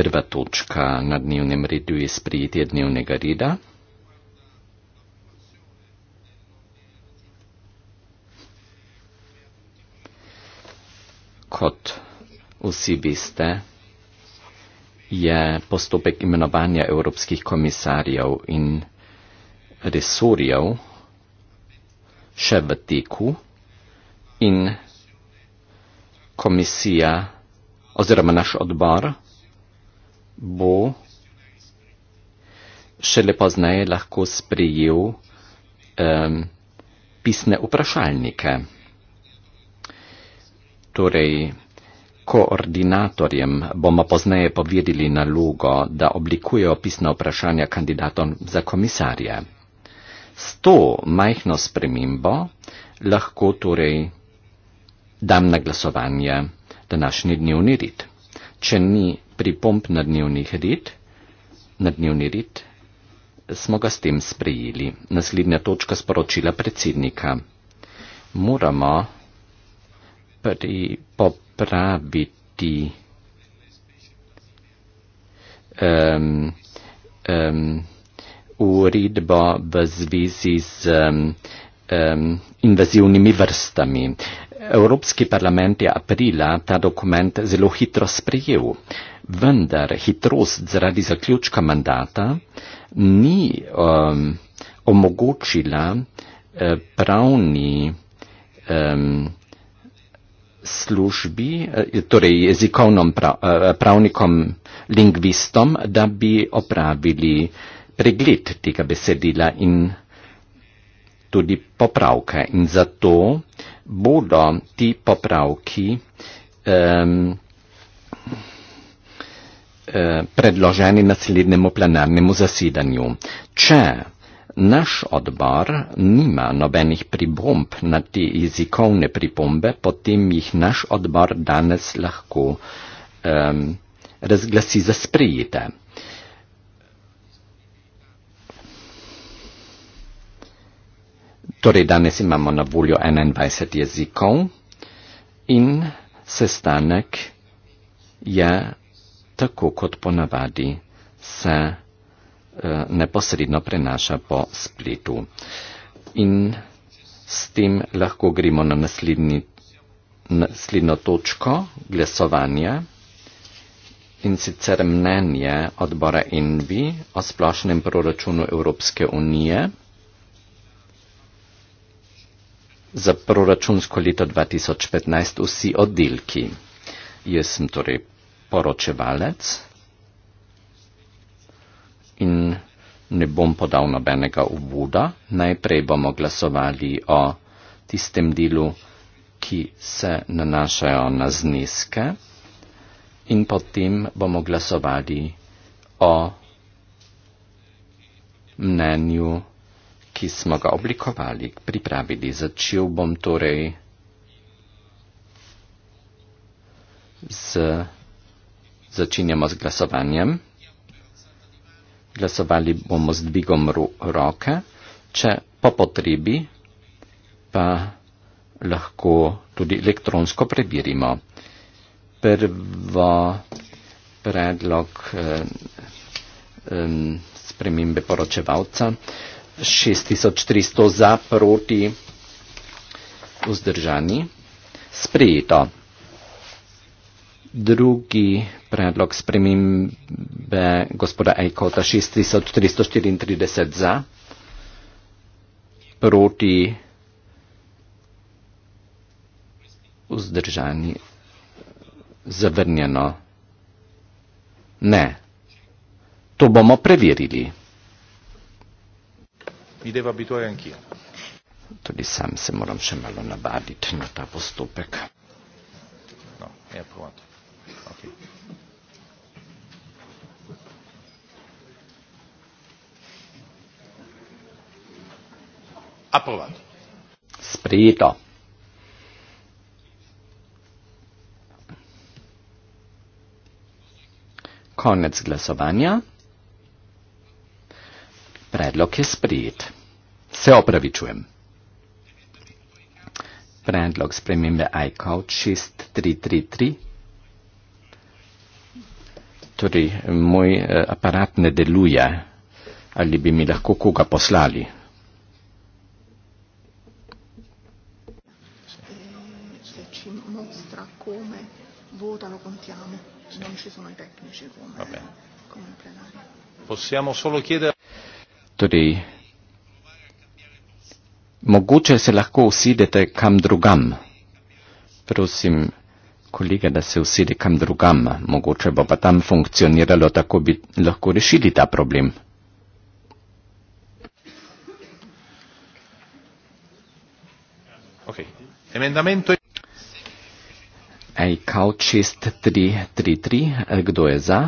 Prva točka na dnevnem redu je sprejetje dnevnega reda. Kot vsi veste, je postopek imenovanja evropskih komisarjev in resorjev še v teku in komisija oziroma naš odbor bo šele pozneje lahko sprejel um, pisne vprašalnike. Torej, koordinatorjem bomo pozneje povedali nalogo, da oblikujejo pisna vprašanja kandidatom za komisarje. S to majhno spremembo lahko torej dam na glasovanje današnji dnevni rit. Če ni pripomp na, red, na dnevni red, smo ga s tem sprejeli. Naslednja točka sporočila predsednika. Moramo popraviti um, um, uredbo v zvezi z um, um, invazivnimi vrstami. Evropski parlament je aprila ta dokument zelo hitro sprejel, vendar hitrost zaradi zaključka mandata ni um, omogočila eh, pravni um, službi, eh, torej jezikovnom prav, eh, pravnikom, lingvistom, da bi opravili pregled tega besedila in tudi popravke in zato bodo ti popravki um, predloženi naslednjemu plenarnemu zasedanju. Če naš odbor nima nobenih pripomb na te jezikovne pripombe, potem jih naš odbor danes lahko um, razglasi za sprejete. Torej, danes imamo na voljo 21 jezikov in sestanek je tako kot ponavadi se eh, neposredno prenaša po spletu. In s tem lahko gremo na naslednji, naslednjo točko glasovanja in sicer mnenje odbora Envi o splošnem proračunu Evropske unije za proračunsko leto 2015 vsi oddelki. Jaz sem torej poročevalec in ne bom podal nobenega uvoda. Najprej bomo glasovali o tistem delu, ki se nanašajo na zneske in potem bomo glasovali o mnenju ki smo ga oblikovali, pripravili. Začel bom torej z. Začenjamo z glasovanjem. Glasovali bomo z dvigom ru, roke, če po potrebi pa lahko tudi elektronsko prebirimo. Prvo predlog eh, eh, spremembe poročevalca. Eh, 6300 za, proti, vzdržani. Sprejeto. Drugi predlog spremembe gospoda Ejkota 6334 za, proti, vzdržani, zavrnjeno. Ne. To bomo preverili mi deva abituare anch'io. Tudi sam se moram še malo navaditi na ta postopek. No, je ja, pronto. Ok. Approvato. Sprejeto. Konec glasovanja. Predlog je sprejet. Se opravičujem. Predlog spremembe iCode 6333. Torej, moj eh, aparat ne deluje. Ali bi mi lahko koga poslali? Possiamo solo chiedere tudi mogoče se lahko usidete kam drugam. Prosim, kolega, da se usede kam drugam, mogoče bo pa tam funkcioniralo, tako bi lahko rešili ta problem. Okay. Emendamento... Ejkav 6333, kdo je za?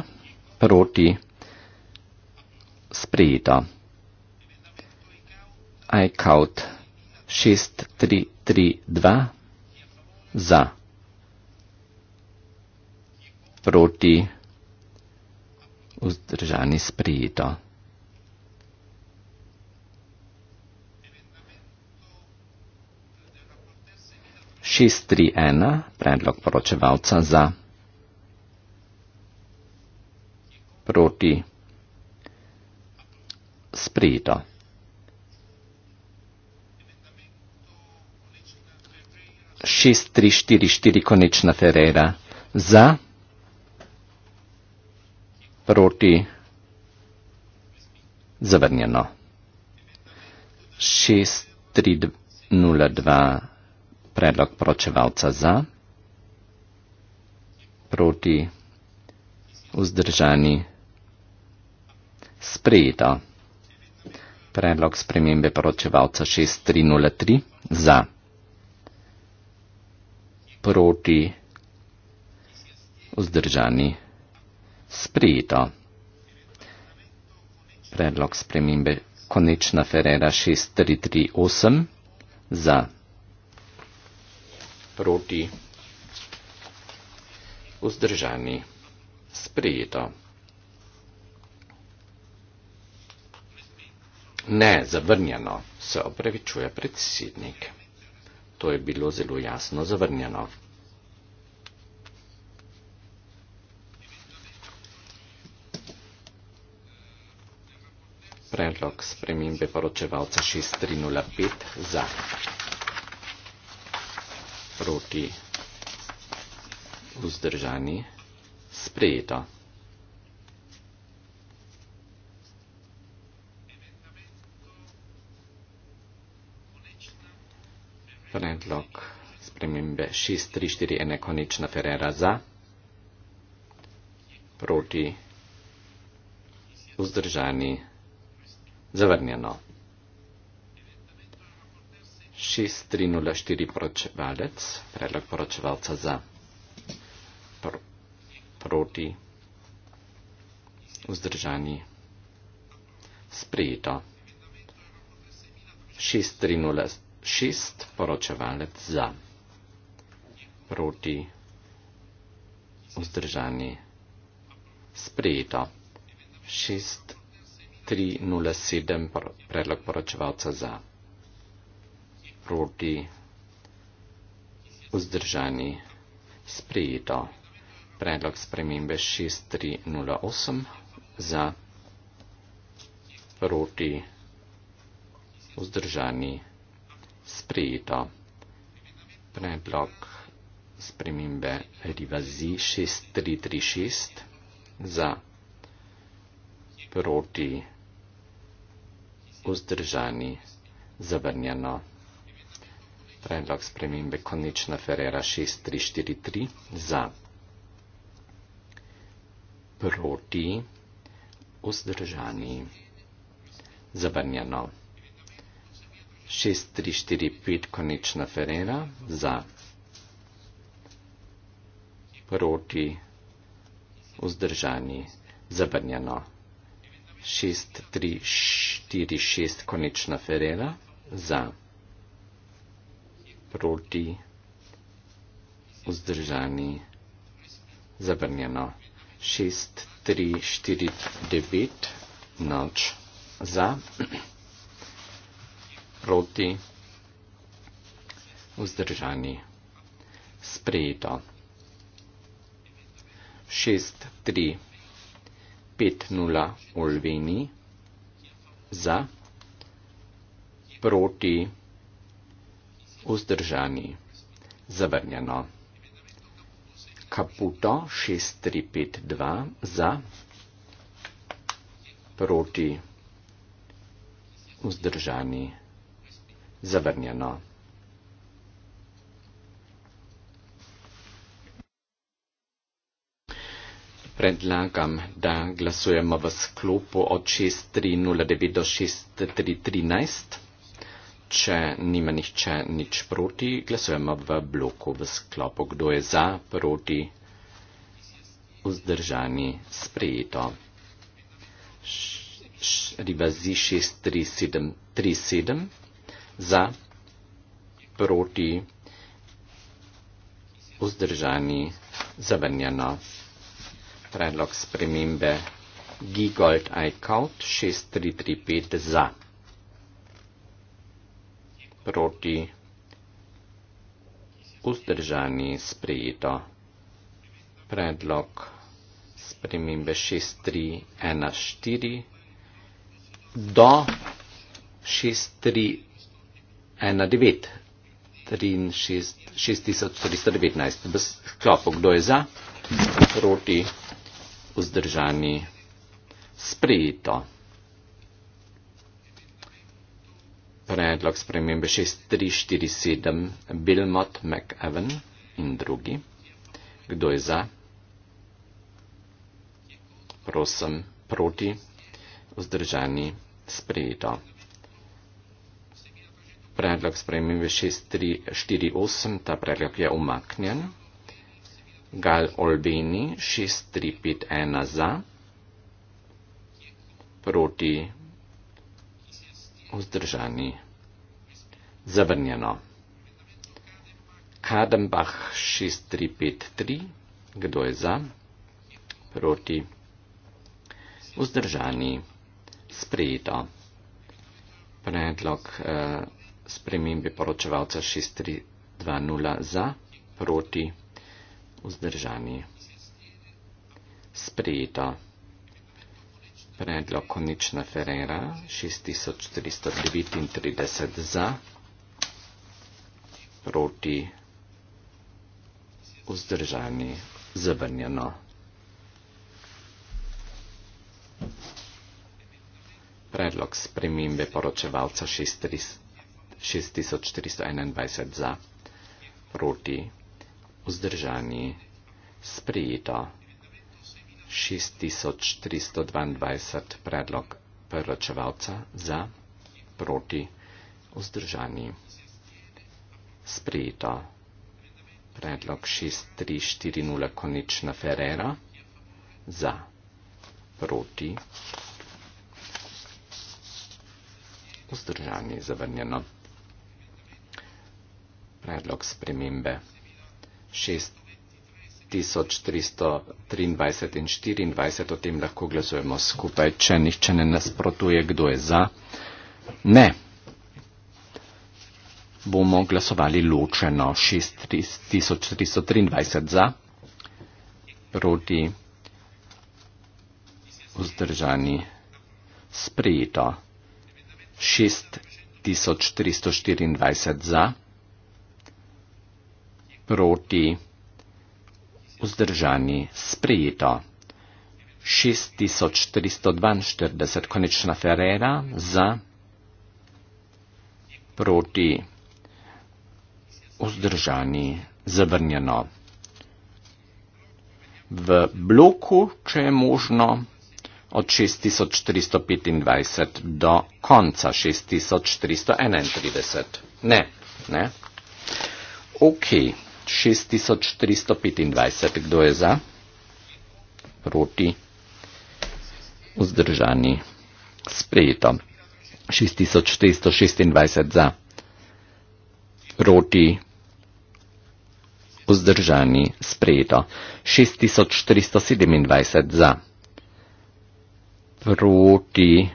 Proti. Sprejeto iCloud 6332 za proti vzdržani sprijeto. Šest tri ena, predlog poročevalca za proti sprijeto. 6344 konečna Ferrera. Za. Proti. Zavrnjeno. 6302 predlog pročevalca za. Proti. Vzdržani. Sprejeto. Predlog spremembe poročevalca 6303 za proti vzdržani sprijeto. Predlog spremembe konečna Ferrera 6338 za proti vzdržani sprijeto. Ne, zavrnjeno se opravičuje predsednik. To je bilo zelo jasno zavrnjeno. Predlog spremembe poročevalca 6.305 za proti vzdržani sprejeto. predlog spremembe 6341 konična Ferrera za, proti, vzdržani, zavrnjeno. 6304 poročevalec, predlog poročevalca za, pr proti, vzdržani, sprejeto. 6304 šest poročevalec za, proti vzdržani sprejeto, šest tri nula sedem predlog poročevalca za, proti vzdržani sprejeto, predlog spremembe šest tri nula osem za, proti vzdržani sprejeto sprejeta. Predlog spremembe revazi 6336 za proti vzdržani zavrnjeno. Predlog spremembe konečna Ferrera 6343 za proti vzdržani zavrnjeno. 6345 konična Ferrera za proti vzdržani zabrnjeno. 6346 konična Ferrera za proti vzdržani zabrnjeno. 6349 noč za proti vzdržani. Sprejeto. 6-3-5-0 Olveni za proti vzdržani. Zavrnjeno. Kaputo 6-3-5-2 za proti vzdržani. 6-3-5-2 zavrnjeno. Predlagam, da glasujemo v sklopu od 6.309 do 6.313. Če nima nihče nič proti, glasujemo v bloku v sklopu. Kdo je za, proti, vzdržani, sprejeto. Rivazi 6.377 za, proti, vzdržani, zavrnjeno. Predlog spremembe Gigold iCout 6335 za, proti, vzdržani, sprejeto. Predlog spremembe 6314 do 6315. 1.9.6.319. V sklopu kdo je za, proti, vzdržani, sprejeto. Predlog spremembe 6347 Bilmot McEwen in drugi. Kdo je za? Prosim, proti, vzdržani, sprejeto predlog spremembe 6348, ta predlog je umaknjen. Gal Olbeni 6351 za, proti vzdržani, zavrnjeno. Kadenbach 6353, kdo je za, proti vzdržani, sprejeto. Predlog. Eh, spremembi poročevalca 6320 za, proti, vzdržani. Sprejeto. Predlog konična Ferrera 6439 za, proti, vzdržani, zavrnjeno. Predlog spremembe poročevalca 6320. 6421 za, proti, vzdržani, sprijeto 6322 predlog preročevalca za, proti, vzdržani, sprijeto predlog 6340 konična Ferrera za, proti, vzdržani, zavrnjeno predlog spremembe. 6323 in 24 o tem lahko glasujemo skupaj, če nihče ne nasprotuje, kdo je za. Ne. Bomo glasovali ločeno 6323 za, proti vzdržani sprejeto 6324 za proti vzdržani sprejeto. 6342 konečna Ferrera za proti vzdržani zavrnjeno. V bloku, če je možno, od 6425 do konca 6431. Ne, ne. Okay. 6325. Kdo je za? Proti? Vzdržani? Sprejeto. 6426 za. Proti? Vzdržani? Sprejeto. 6427 za. Proti?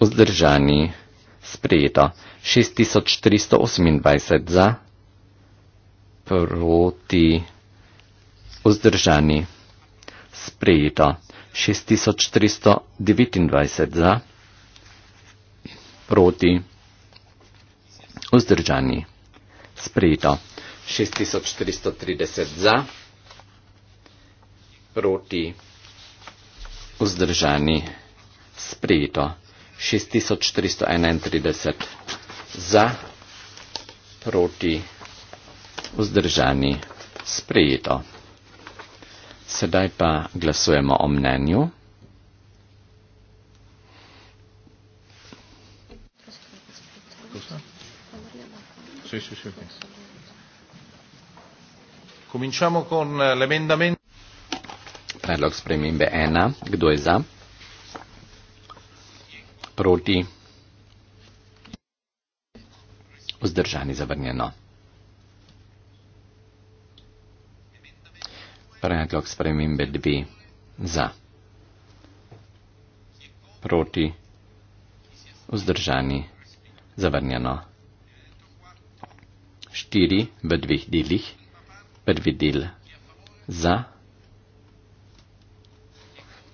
Vzdržani? Sprejeto. 6428 za proti vzdržani. Sprejeto 6329 za proti vzdržani. Sprejeto 6430 za proti vzdržani. Sprejeto 6431 za proti vzdržani vzdržani, sprejeto. Sedaj pa glasujemo o mnenju. Cominciamo con eh, l'emendamento. Predlog spremembe ena. Kdo je za? Proti. Vzdržani zavrnjeno. predlog spremembe dve za, proti, vzdržani, zavrnjeno. Štiri v dveh delih, prvi del za,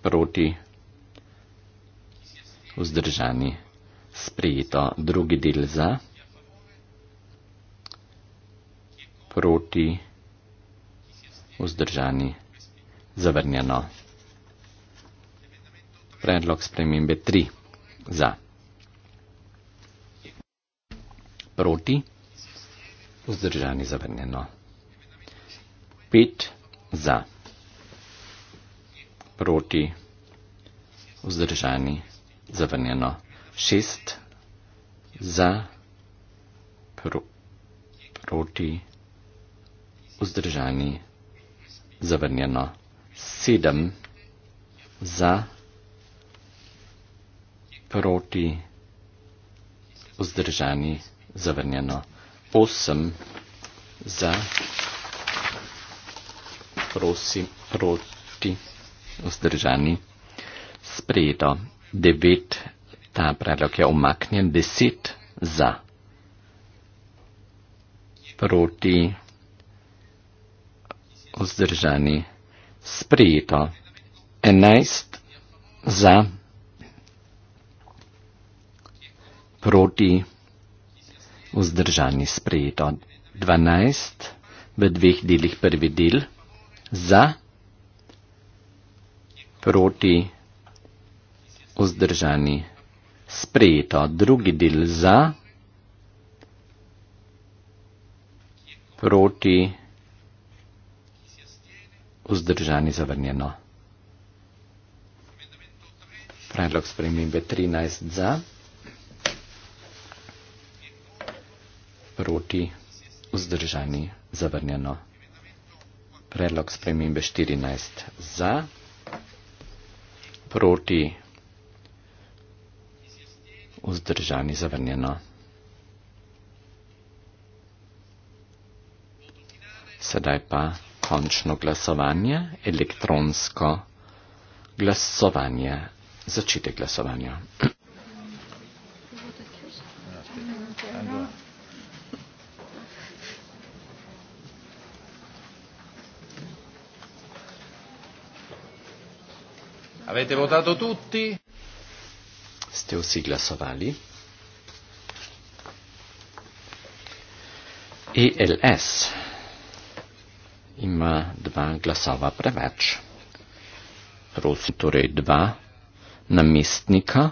proti, vzdržani, sprejeto, drugi del za, proti, vzdržani vzdržani. Zavrnjeno. Predlog spremembe 3. Za. Proti. Vzdržani. Zavrnjeno. 5. Za. Proti. Vzdržani. Zavrnjeno. 6. Za. Pro, proti. Vzdržani zavrnjeno. Sedem za, proti, vzdržani, zavrnjeno. Osem za, prosim, proti, vzdržani, sprejeto. Devet, ta predlog je umaknjen, deset za, proti, vzdržani. Sprijeto. 11 za, proti, vzdržani. Sprijeto. 12 v dveh delih prvi del za, proti, vzdržani. Sprijeto. Drugi del za, proti, vzdržani vzdržani zavrnjeno. Predlog spremembe 13 za, proti vzdržani zavrnjeno. Predlog spremembe 14 za, proti vzdržani zavrnjeno. Sedaj pa končno glasovanje, elektronsko glasovanje, začetek glasovanja. Avete votato tutti? Ste vsi glasovali? ELS ima dva glasova preveč. Prosim torej dva namestnika,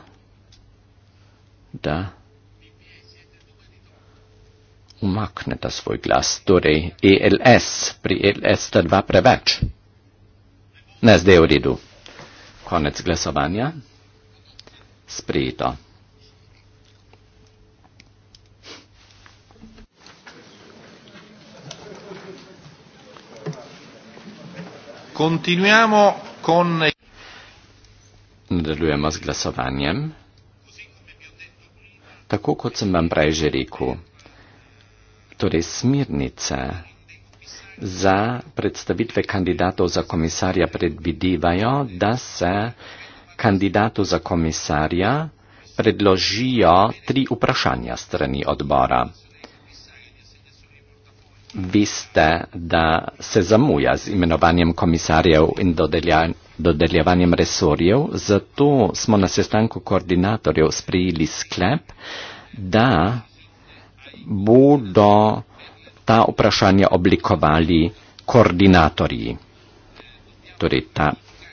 da umakneta svoj glas. Torej, ELS, pri ELS sta dva preveč. Ne, zdaj je v redu. Konec glasovanja. Sprejeto. Continuiamo con. Nadaljujemo z glasovanjem. Tako kot sem vam prej že rekel, torej smirnice za predstavitve kandidatov za komisarja predvidevajo, da se kandidatu za komisarja predložijo tri vprašanja strani odbora vi ste, da se zamuja z imenovanjem komisarjev in dodeljevanjem resorjev, zato smo na sestanku koordinatorjev sprejeli sklep, da bodo ta vprašanja oblikovali koordinatorji, torej ta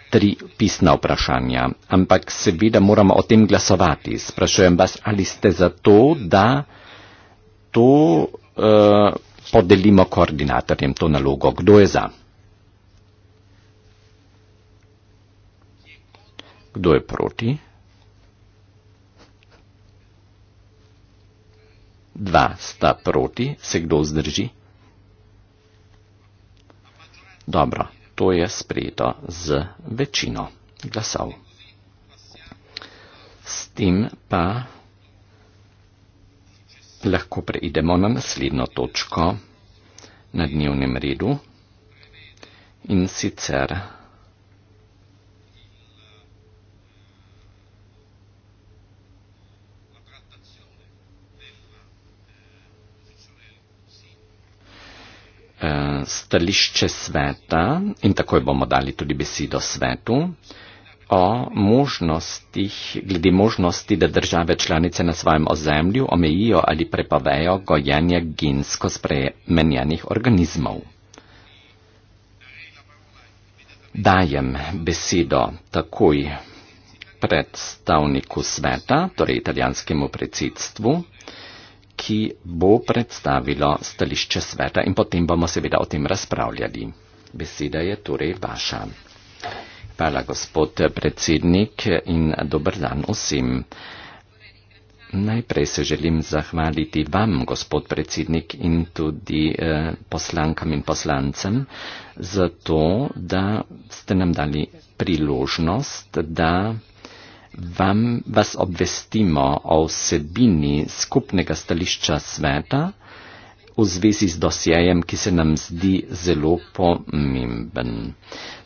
tri pisna vprašanja. Ampak seveda moramo o tem glasovati. Sprašujem vas, ali ste za to, da to uh, podelimo koordinatorjem to nalogo. Kdo je za? Kdo je proti? Dva sta proti, se kdo zdrži? Dobro, to je sprejeto z večino glasov. S tem pa lahko preidemo na naslednjo točko na dnevnem redu in sicer eh, stališče sveta in takoj bomo dali tudi besedo svetu o možnostih, glede možnosti, da države članice na svojem ozemlju omejijo ali prepovejo gojenje gensko spremenjenih organizmov. Dajem besedo takoj predstavniku sveta, torej italijanskemu predsedstvu, ki bo predstavilo stališče sveta in potem bomo seveda o tem razpravljali. Beseda je torej vaša. Hvala, gospod predsednik, in dober dan vsem. Najprej se želim zahvaliti vam, gospod predsednik, in tudi eh, poslankam in poslancem, za to, da ste nam dali priložnost, da vam, vas obvestimo o vsebini skupnega stališča sveta v zvezi z dosjejem, ki se nam zdi zelo pomemben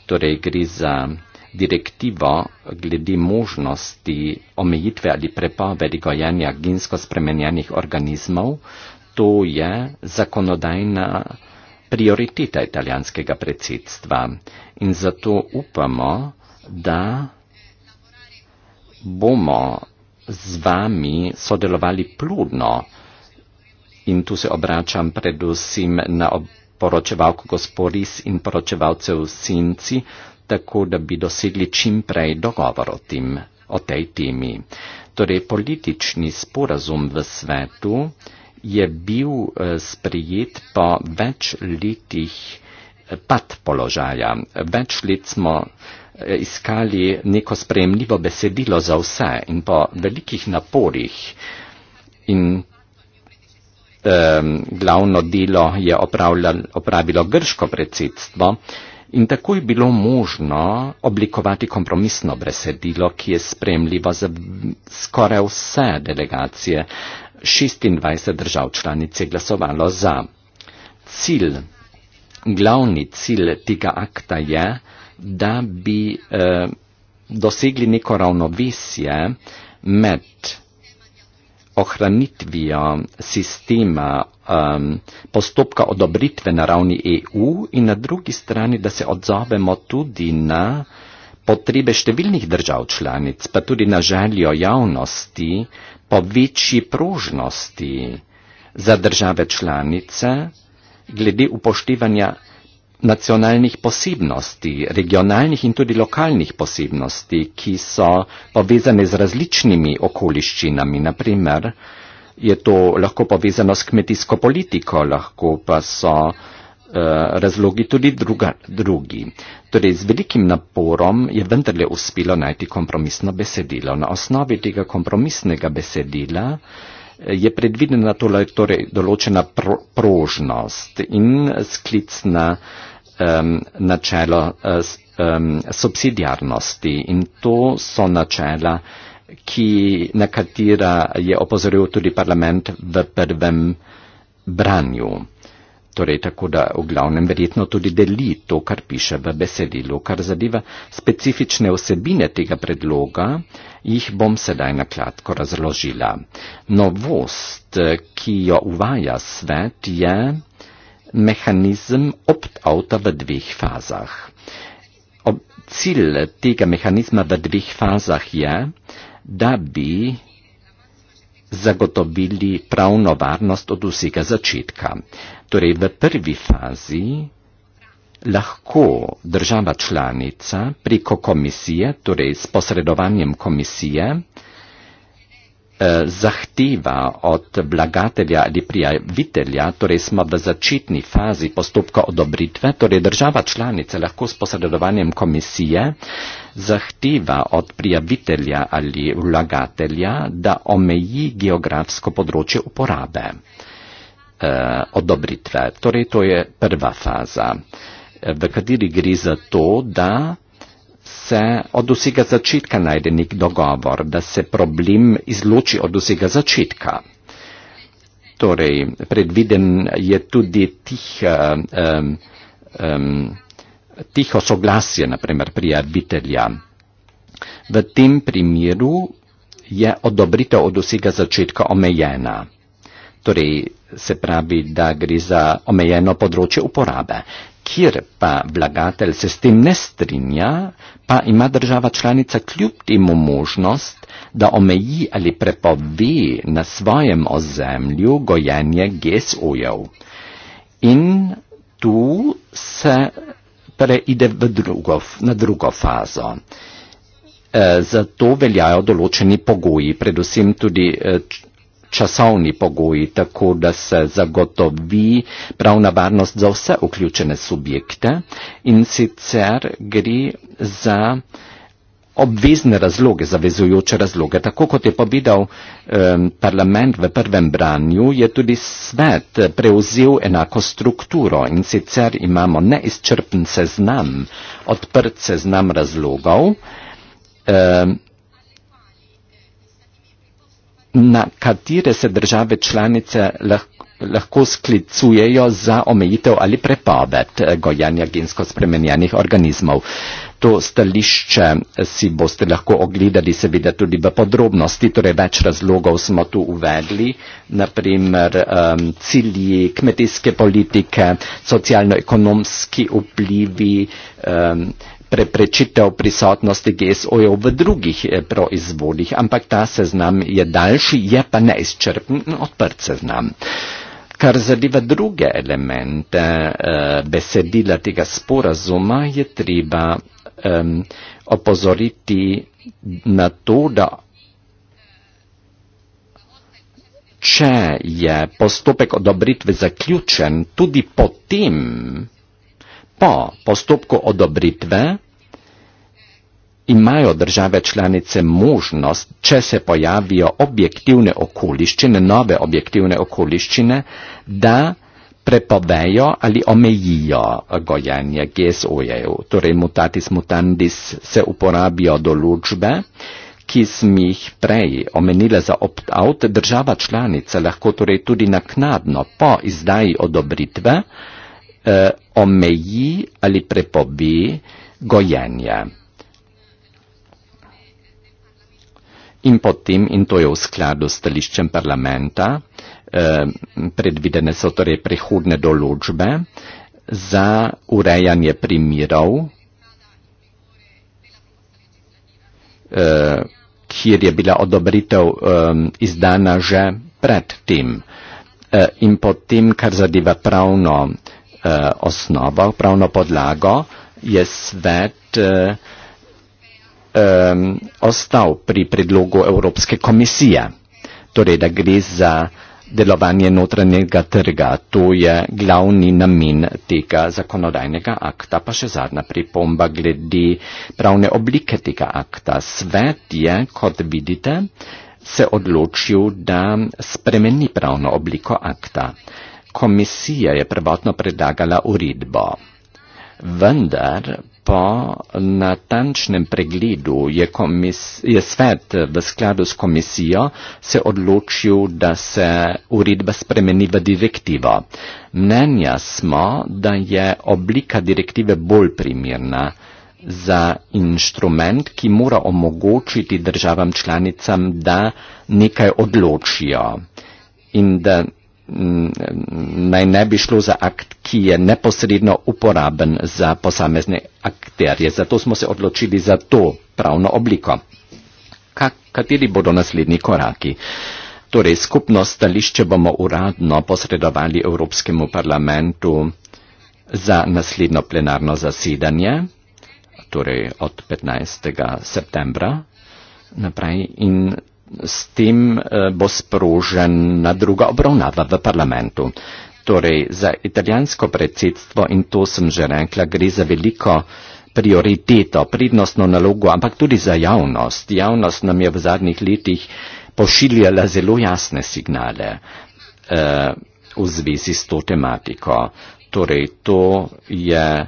torej gre za direktivo glede možnosti omejitve ali prepovedi gojenja gensko spremenjenih organizmov, to je zakonodajna prioriteta italijanskega predsedstva. In zato upamo, da bomo z vami sodelovali plodno. In tu se obračam predvsem na poročevalko gospodis in poročevalcev sinci, tako da bi dosegli čim prej dogovor o, tem, o tej temi. Torej, politični sporazum v svetu je bil eh, sprijet po več letih eh, pad položaja. Več let smo eh, iskali neko spremljivo besedilo za vse in po velikih naporih in Ehm, glavno delo je opravilo grško predsedstvo in tako je bilo možno oblikovati kompromisno besedilo, ki je spremljivo za skoraj vse delegacije. 26 držav članic je glasovalo za. Cilj, glavni cilj tega akta je, da bi eh, dosegli neko ravnovesje med ohranitvijo sistema um, postopka odobritve na ravni EU in na drugi strani, da se odzovemo tudi na potrebe številnih držav članic, pa tudi na željo javnosti po večji prožnosti za države članice glede upoštevanja nacionalnih posebnosti, regionalnih in tudi lokalnih posebnosti, ki so povezane z različnimi okoliščinami. Naprimer, je to lahko povezano s kmetijsko politiko, lahko pa so eh, razlogi tudi druga, drugi. Torej, z velikim naporom je vendarle uspelo najti kompromisno besedilo. Na osnovi tega kompromisnega besedila eh, je predvidena tole, torej, določena pro, prožnost in sklic na uh, um, načelo uh, um, subsidiarnosti in to so načela, ki, na katera je opozoril tudi parlament v prvem branju. Torej, tako da v glavnem verjetno tudi deli to, kar piše v besedilu, kar zadeva specifične osebine tega predloga, jih bom sedaj nakladko razložila. Novost, ki jo uvaja svet, je mehanizem opt-outa v dveh fazah. Cilj tega mehanizma v dveh fazah je, da bi zagotovili pravno varnost od vsega začetka. Torej v prvi fazi lahko država članica preko komisije, torej s posredovanjem komisije, Eh, zahteva od vlagatelja ali prijavitelja, torej smo v začetni fazi postopka odobritve, torej država članica lahko s posredovanjem komisije zahteva od prijavitelja ali vlagatelja, da omeji geografsko področje uporabe e, odobritve. Torej to je prva faza, eh, v kateri gre za to, da se od vsega začetka najde nek dogovor, da se problem izloči od vsega začetka. Torej, predviden je tudi tih, um, um, tiho soglasje, naprimer prijavitelja. V tem primeru je odobritev od vsega začetka omejena. Torej, se pravi, da gre za omejeno področje uporabe kjer pa vlagatelj se s tem ne strinja, pa ima država članica kljub temu možnost, da omeji ali prepove na svojem ozemlju gojenje GSO-jev. In tu se preide drugo, na drugo fazo. E, zato veljajo določeni pogoji, predvsem tudi. E, časovni pogoji, tako da se zagotovi pravna varnost za vse vključene subjekte in sicer gre za obvezne razloge, zavezujoče razloge. Tako kot je povedal eh, parlament v prvem branju, je tudi svet prevzel enako strukturo in sicer imamo neizčrpen seznam, odprt seznam razlogov. Eh, na katere se države članice lahko sklicujejo za omejitev ali prepoved eh, gojanja gensko spremenjenih organizmov. To stališče si boste lahko ogledali seveda tudi v podrobnosti, torej več razlogov smo tu uvedli, naprimer um, cilji kmetijske politike, socialno-ekonomski vplivi. Um, preprečitev prisotnosti GSO-jev v drugih eh, proizvodih, ampak ta seznam je daljši, je pa neizčrpen odprt seznam. Kar zadeva druge elemente eh, besedila tega sporazuma, je treba um, opozoriti na to, da če je postopek odobritve zaključen, tudi potem, po postopku odobritve imajo države članice možnost, če se pojavijo objektivne okoliščine, nove objektivne okoliščine, da prepovejo ali omejijo gojanje GSO-jev. Torej mutatis mutandis se uporabijo določbe, ki smo jih prej omenili za opt-out, država članica lahko torej tudi naknadno po izdaji odobritve eh, omeji ali prepobi gojenje. In potem, in to je v skladu s stališčem parlamenta, eh, predvidene so torej prihodne določbe za urejanje primirov, eh, kjer je bila odobritev eh, izdana že pred tem. Eh, in potem, kar zadeva pravno eh, osnovo, pravno podlago, je svet eh, eh, ostal pri predlogu Evropske komisije. Torej, da gre za delovanje notranjega trga. To je glavni namen tega zakonodajnega akta. Pa še zadnja pripomba glede pravne oblike tega akta. Svet je, kot vidite, se odločil, da spremeni pravno obliko akta. Eh, komisija je prvotno predlagala uredbo. Vendar po natančnem pregledu je, komis, je svet v skladu s komisijo se odločil, da se uredba spremeni v direktivo. Mnenja smo, da je oblika direktive bolj primirna za inštrument, ki mora omogočiti državam članicam, da nekaj odločijo in da Mm, naj ne bi šlo za akt, ki je neposredno uporaben za posamezne akterje. Zato smo se odločili za to pravno obliko. Ka kateri bodo naslednji koraki? Torej, skupno stališče bomo uradno posredovali Evropskemu parlamentu za naslednjo plenarno zasedanje, torej od 15. septembra naprej in s tem eh, bo sprožena druga obravnava v parlamentu. Torej, za italijansko predsedstvo in to sem že rekla, gre za veliko prioriteto, prednostno nalogo, ampak tudi za javnost. Javnost nam je v zadnjih letih pošiljala zelo jasne signale eh, v zvezi s to tematiko. Torej, to je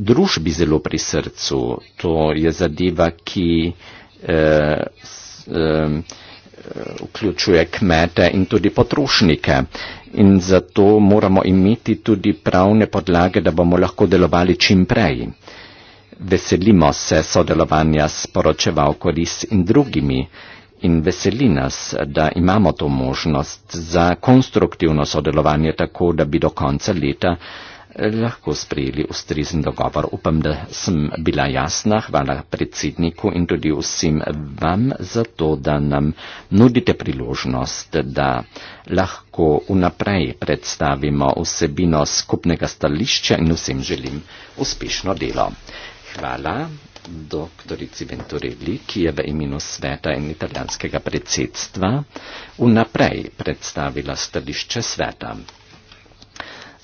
družbi zelo pri srcu, to je zadeva, ki eh, Um, vključuje kmete in tudi potrošnike. In zato moramo imeti tudi pravne podlage, da bomo lahko delovali čim prej. Veselimo se sodelovanja s poročevalko RIS in drugimi in veseli nas, da imamo to možnost za konstruktivno sodelovanje tako, da bi do konca leta uh, lahko sprejeli ustrezen dogovor. Upam, da sem bila jasna. Hvala predsedniku in tudi vsem vam za to, da nam nudite priložnost, da lahko vnaprej predstavimo vsebino skupnega stališča in vsem želim uspešno delo. Hvala doktorici Venturelli, ki je v imenu sveta in italijanskega predsedstva vnaprej predstavila stališče sveta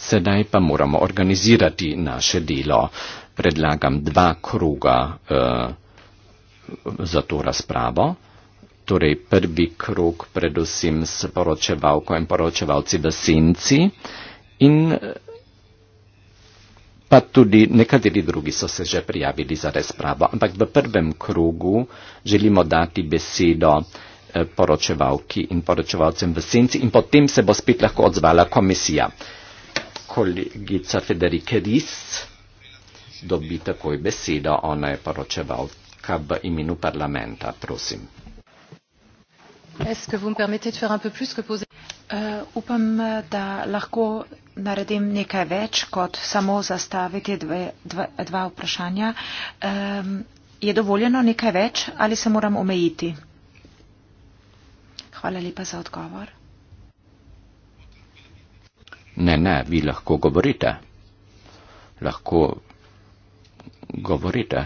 sedaj pa moramo organizirati naše delo. Predlagam dva kruga eh, za to razpravo. Torej, prvi krug predvsem s poročevalko in poročevalci v senci in eh, pa tudi nekateri drugi so se že prijavili za razpravo. Ampak v prvem krugu želimo dati besedo eh, poročevalki in poročevalcem v senci in potem se bo spet lahko odzvala komisija. Eh, kolegica Federike Ris dobi takoj besedo, ona je poročevalka v imenu parlamenta, prosim. Eh, upam, da lahko naredim nekaj več kot samo zastaviti dve, dve, dva vprašanja. Um, je dovoljeno nekaj več ali se moram omejiti? Hvala lepa za odgovor. Ne, ne, vi lahko govorite. Lahko govorite.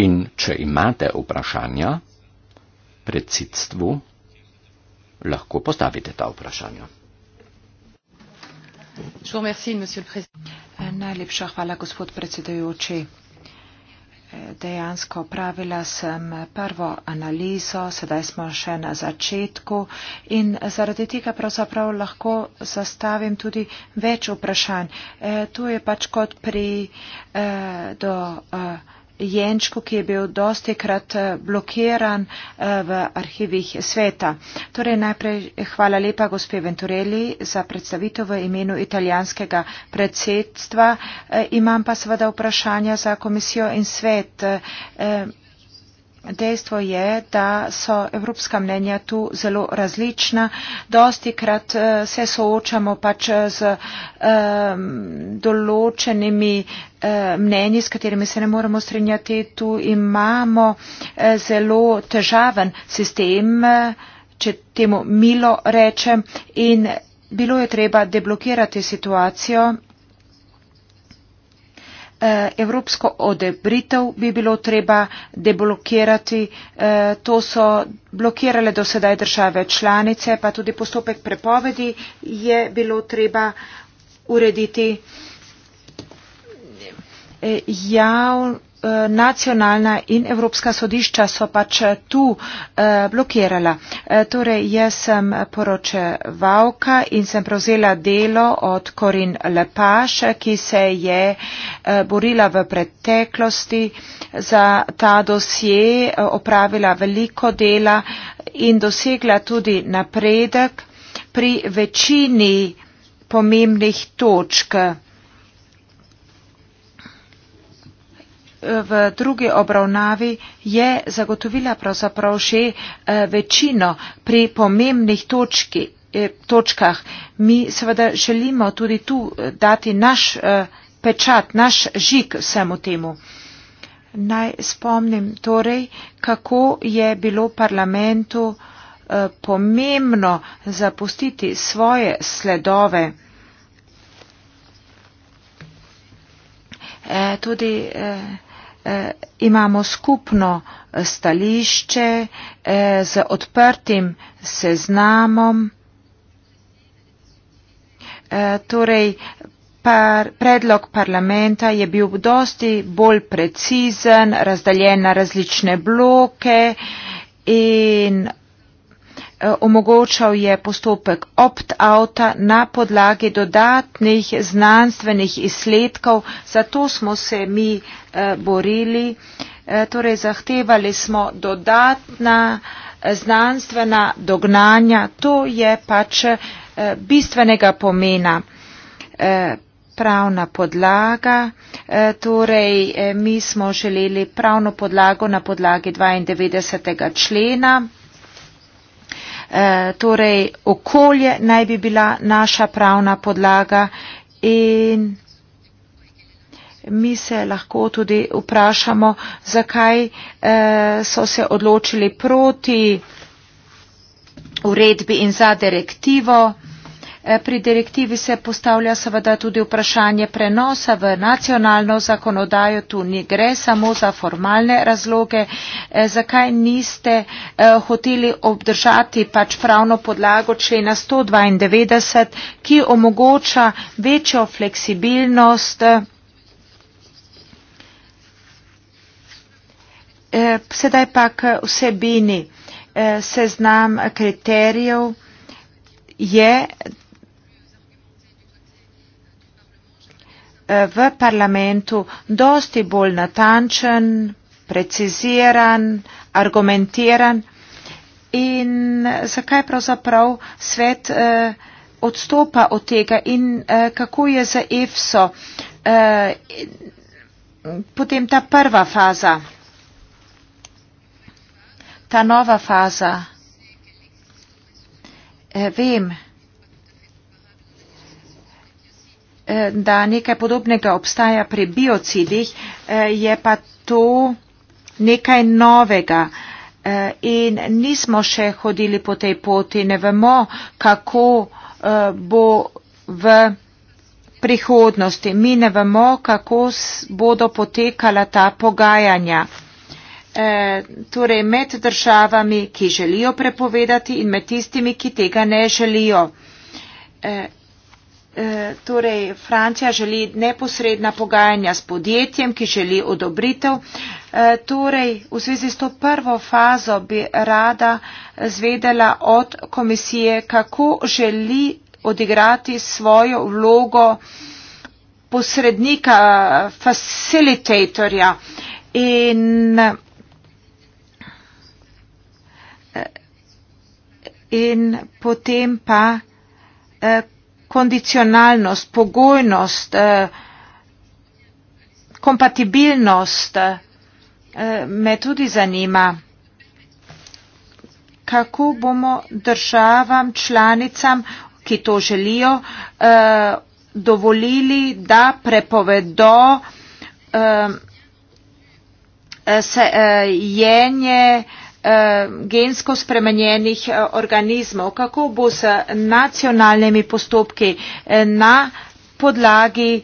In če imate vprašanja predsedstvu, lahko postavite ta vprašanja. Najlepša hvala, gospod predsedujoči. Dejansko pravila sem prvo analizo, sedaj smo še na začetku in zaradi tega pravzaprav lahko zastavim tudi več vprašanj. E, eh, tu je pač kot pri e, do. E, Jenčku, ki je bil dostekrat eh, blokiran eh, v arhivih sveta. Torej najprej hvala lepa gospe Venturelli za predstavitev v imenu italijanskega predsedstva. Eh, imam pa seveda vprašanja za komisijo in svet. Dejstvo je, da so evropska mnenja tu zelo različna. Dosti krat eh, se soočamo pač eh, z um, določenimi eh, mnenji, s katerimi se ne moremo strinjati. Tu imamo zelo težaven sistem, če temu milo rečem, in bilo je treba deblokirati situacijo Eh, evropsko odebritev bi bilo treba deblokirati. Eh, to so blokirale do sedaj države članice, pa tudi postopek prepovedi je bilo treba urediti. Eh, javno Eh, nacionalna in evropska sodišča so pač eh, tu eh, blokirala. Torej, jaz sem poročevalka in sem prevzela delo od Korin Lepaš, ki se je borila v preteklosti za ta dosje, opravila veliko dela in dosegla tudi napredek pri večini pomembnih točk. v drugi obravnavi je zagotovila pravzaprav še eh, večino pri pomembnih točki, eh, točkah. Mi seveda želimo tudi tu eh, dati naš pečat, naš žik vsemu temu. Naj spomnim torej, kako je bilo parlamentu pomembno zapustiti svoje sledove. Tudi eh, eh, imamo skupno eh, stališče eh, z odprtim seznamom. Eh, torej, par, predlog parlamenta je bil dosti bolj precizen, razdaljen na različne bloke in Eh, omogočal je postopek opt-outa na podlagi dodatnih znanstvenih izsledkov. Zato smo se mi eh, borili, eh, torej zahtevali smo dodatna znanstvena dognanja. To je pač bistvenega pomena pravna podlaga, torej mi smo želeli pravno podlago na podlagi 92. člena. Eh, torej okolje naj bi bila naša pravna podlaga in mi se lahko tudi vprašamo, zakaj eh, so se odločili proti uredbi in za direktivo. Eh, pri direktivi se postavlja seveda tudi vprašanje prenosa v nacionalno zakonodajo. Tu ni gre samo za formalne razloge, eh, zakaj niste eh, hoteli obdržati pač pravno podlago člena 192, ki omogoča večjo fleksibilnost. Sedaj pa k vsebini. Seznam kriterijev je, v parlamentu dosti bolj natančen, preciziran, argumentiran in zakaj pravzaprav svet eh, odstopa od tega in eh, kako je za EFSO eh, potem ta prva faza, ta nova faza. Vem, Eh, da nekaj podobnega obstaja pri biocidih, eh, je pa to nekaj novega. Eh, in nismo še hodili po tej poti, ne vemo, kako bo v prihodnosti. Mi ne vemo, kako bodo potekala ta pogajanja. E, torej med državami, ki želijo prepovedati in med tistimi, ki tega ne želijo. E, Eh, torej Francija želi neposredna pogajanja s podjetjem, ki želi odobritev. Eh, torej, v zvezi s to prvo fazo bi rada zvedela od komisije, kako želi odigrati svojo vlogo posrednika, facilitatorja. In eh, In potem pa kondicionalnost, pogojnost, eh, kompatibilnost. Eh, me tudi zanima, kako bomo državam, članicam, ki to želijo, eh, dovolili, da prepovedo se, jenje, Eh, gensko spremenjenih eh, organizmov, kako bo z nacionalnimi postopki eh, na podlagi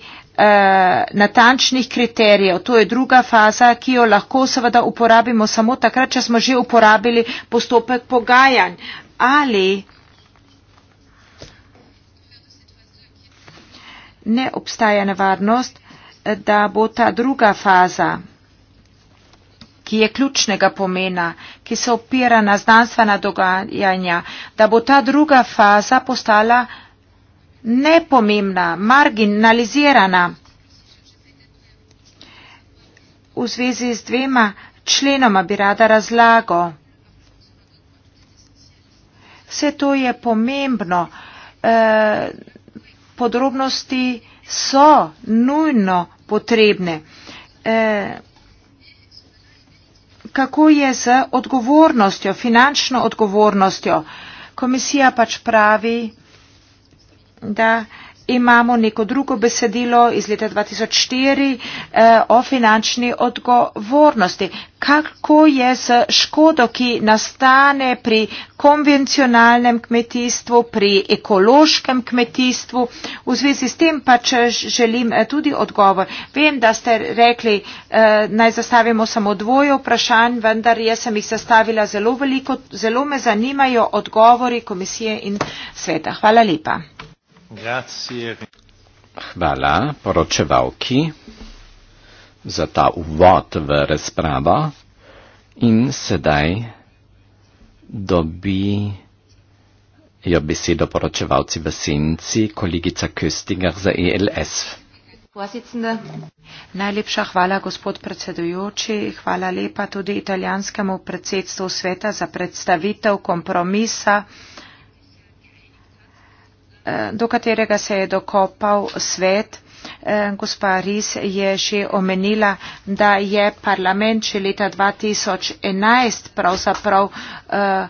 natančnih kriterijev. To je druga faza, ki jo lahko seveda uporabimo samo takrat, če smo že uporabili postopek pogajanj. Ali ne obstaja nevarnost, da bo ta druga faza ki je ključnega pomena, ki se opira na znanstvena dogajanja, da bo ta druga faza postala nepomembna, marginalizirana. V zvezi z dvema členoma bi rada razlago. Vse to je pomembno. E, podrobnosti so nujno potrebne. E, kako je z odgovornostjo, finančno odgovornostjo. Komisija pač pravi, da imamo neko drugo besedilo iz leta 2004 eh, o finančni odgovornosti. Kako je z škodo, ki nastane pri konvencionalnem kmetijstvu, pri ekološkem kmetijstvu? V zvezi s tem pa če želim eh, tudi odgovor. Vem, da ste rekli, eh, naj zastavimo samo dvoje vprašanj, vendar jaz sem jih zastavila zelo veliko. Zelo me zanimajo odgovori komisije in sveta. Hvala lepa. Hvala poročevalki za ta uvod v razpravo in sedaj dobijo besedo poročevalci v senci, kolegica Köstinger za ELS. Najlepša hvala, gospod predsedujoči. Hvala lepa tudi italijanskemu predsedstvu sveta za predstavitev kompromisa. Eh, do katerega se je dokopal svet. Eh, gospa Ris je že omenila, da je parlament še leta 2011 pravzaprav eh,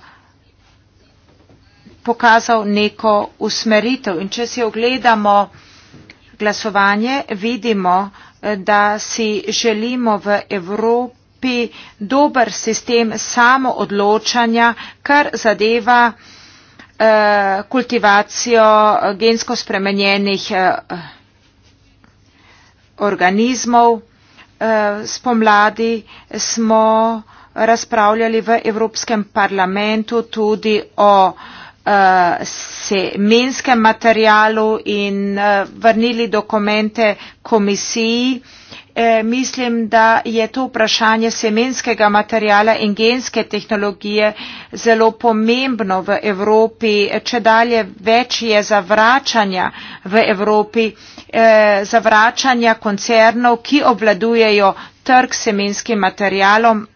pokazal neko usmeritev. In če si ogledamo glasovanje, vidimo, da si želimo v Evropi dober sistem samoodločanja, kar zadeva Eh, kultivacijo gensko spremenjenih eh, organizmov. Eh, spomladi smo razpravljali v Evropskem parlamentu tudi o semenskem materialu in vrnili dokumente komisiji, E, mislim, da je to vprašanje semenskega materijala in genske tehnologije zelo pomembno v Evropi. Če dalje več je zavračanja v Evropi, e, zavračanja koncernov, ki obvladujejo trg semenskim materijalom.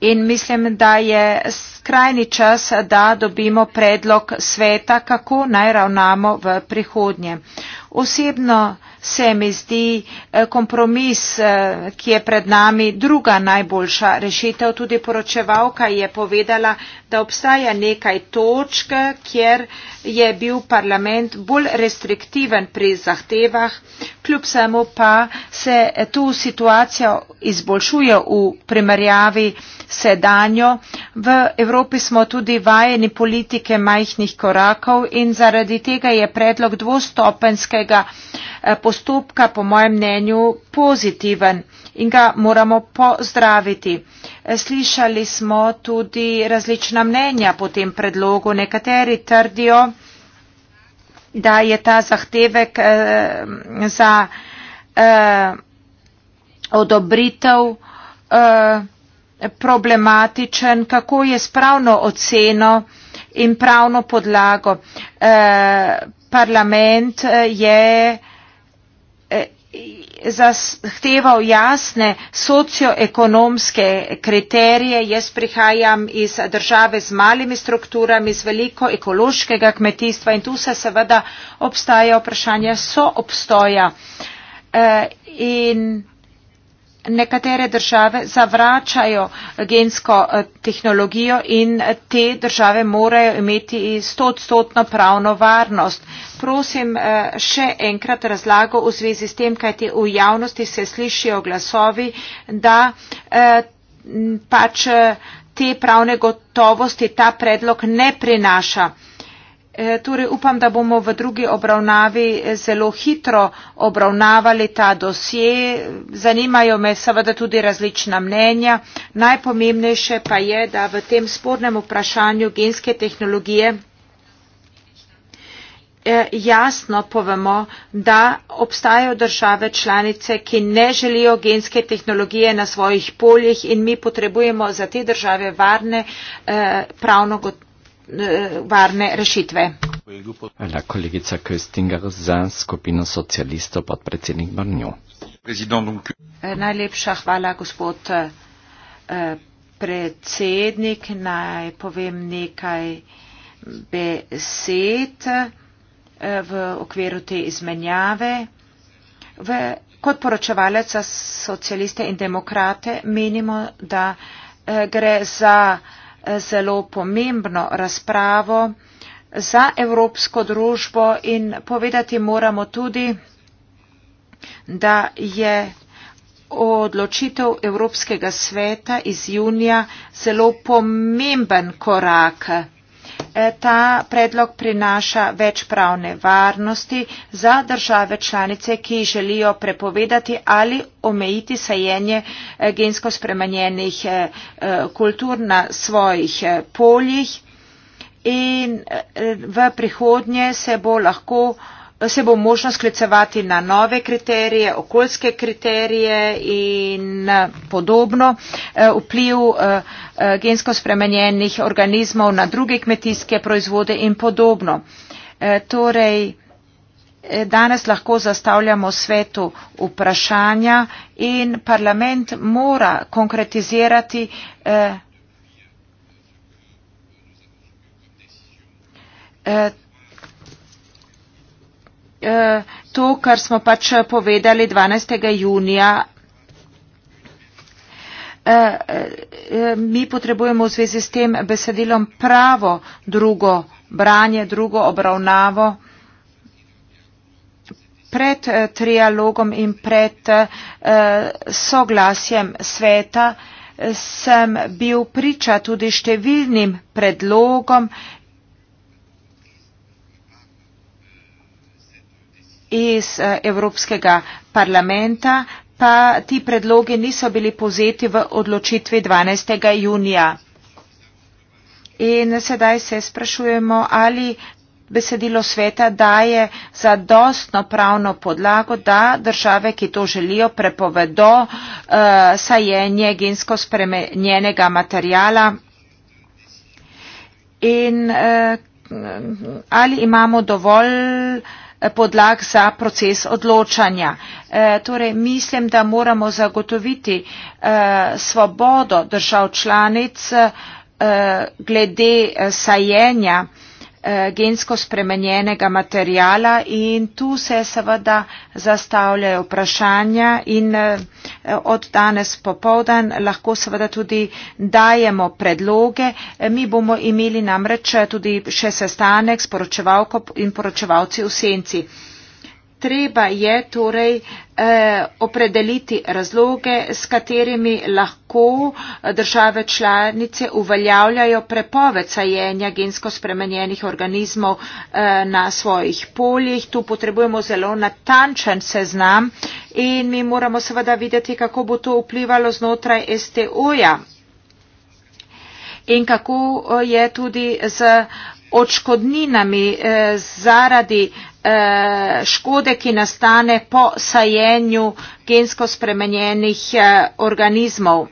In mislim, da je skrajni čas, da dobimo predlog sveta, kako naj ravnamo v prihodnje. Osebno se mi zdi eh, kompromis, eh, ki je pred nami druga najboljša rešitev. Tudi poročevalka je povedala, da obstaja nekaj točk, kjer je bil parlament bolj restriktiven pri zahtevah, kljub vsemu pa se tu situacija izboljšuje v primerjavi sedanjo. V Evropi smo tudi vajeni politike majhnih korakov in zaradi tega je predlog dvostopenskega eh, postopka po mojem mnenju pozitiven in ga moramo pozdraviti. Slišali smo tudi različna mnenja po tem predlogu. Nekateri trdijo, da je ta zahtevek eh, za eh, odobritev eh, problematičen, kako je spravno oceno in pravno podlago. Eh, parlament eh, je eh, zahteval jasne socioekonomske kriterije. Jaz prihajam iz države z malimi strukturami, z veliko ekološkega kmetijstva in tu se seveda obstaja vprašanje soobstoja. E, in nekatere države zavračajo gensko eh, tehnologijo in eh, te države morajo imeti stoodstotno pravno varnost. Prosim eh, še enkrat razlago v zvezi s tem, kajti v javnosti se slišijo glasovi, da pač te pravne gotovosti ta predlog ne prinaša. E, torej upam, da bomo v drugi obravnavi e, zelo hitro obravnavali ta dosje. Zanimajo me seveda tudi različna mnenja. Najpomembnejše pa je, da v tem spornem vprašanju genske tehnologije e, jasno povemo, da obstajajo države članice, ki ne želijo genske tehnologije na svojih poljih in mi potrebujemo za te države varne pravno gotovo Eh, varne rešitve. La kolegica Köstinger za skupino socialistov podpredsednik Brnjo. Eh, najlepša hvala, gospod eh, predsednik. Naj povem nekaj besed v okviru te izmenjave. V, kot poročevalec za socialiste in demokrate menimo, da gre za zelo pomembno razpravo za evropsko družbo in povedati moramo tudi, da je odločitev Evropskega sveta iz junija zelo pomemben korak. E, ta predlog prinaša več pravne varnosti za države članice, ki želijo prepovedati ali omejiti sajenje e, gensko spremenjenih e, kultur na svojih poljih in v prihodnje se bo lahko da se bo možno sklicevati na nove kriterije, okoljske kriterije in eh, podobno eh, vpliv eh, gensko spremenjenih organizmov na druge kmetijske proizvode in podobno. Torej, danes lahko zastavljamo svetu vprašanja in parlament mora konkretizirati eh, Eh, to, kar smo pač povedali 12. junija. Eh, eh, mi potrebujemo v zvezi s tem besedilom pravo drugo branje, drugo obravnavo pred trialogom in pred soglasjem sveta sem bil priča tudi številnim predlogom iz eh, Evropskega parlamenta, pa ti predlogi niso bili povzeti v odločitvi 12. junija. In sedaj se sprašujemo, ali besedilo sveta daje za dostno pravno podlago, da države, ki to želijo, prepovedo uh, sajenje gensko spremenjenega materijala. In uh, ali imamo dovolj uh, podlag za proces odločanja. E, torej, mislim, da moramo zagotoviti e, svobodo držav članic e, glede e, sajenja e, Eh, gensko spremenjenega materijala in tu se seveda zastavljajo vprašanja in eh, od danes popovdan lahko seveda tudi dajemo predloge. Eh, mi bomo imeli namreč tudi še sestanek s poročevalko in poročevalci v senci treba je torej eh, opredeliti razloge, s katerimi lahko eh, države članice uveljavljajo prepoved sajenja gensko spremenjenih organizmov eh, na svojih poljih. Tu potrebujemo zelo natančen seznam in mi moramo seveda videti, kako bo to vplivalo znotraj STO-ja in kako je tudi z odškodninami zaradi Eh, škode, ki nastane po sajenju gensko spremenjenih eh, organizmov.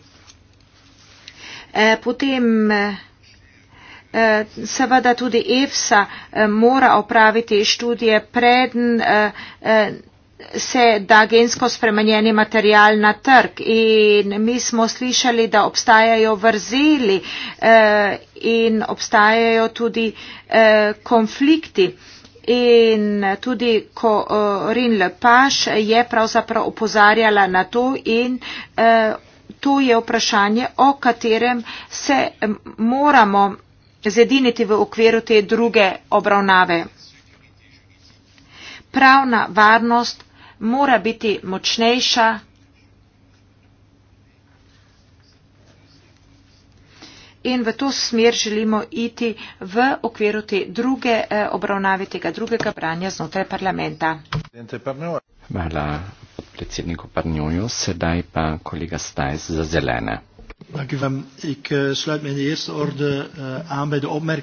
Eh, potem seveda tudi EFSA mora opraviti študije preden se da gensko spremenjeni material na trg in mi smo slišali, da obstajajo vrzeli in obstajajo tudi konflikti in tudi Corinne Lepage je pravzaprav opozarjala na to in eh, to je vprašanje, o katerem se moramo zediniti v okviru te druge obravnave. Pravna varnost mora biti močnejša, in v to smer želimo iti v okviru te druge eh, obravnave tega drugega branja znotraj parlamenta. Hvala predsedniku Parnjoju, sedaj pa kolega Stajs za zelene. Eh,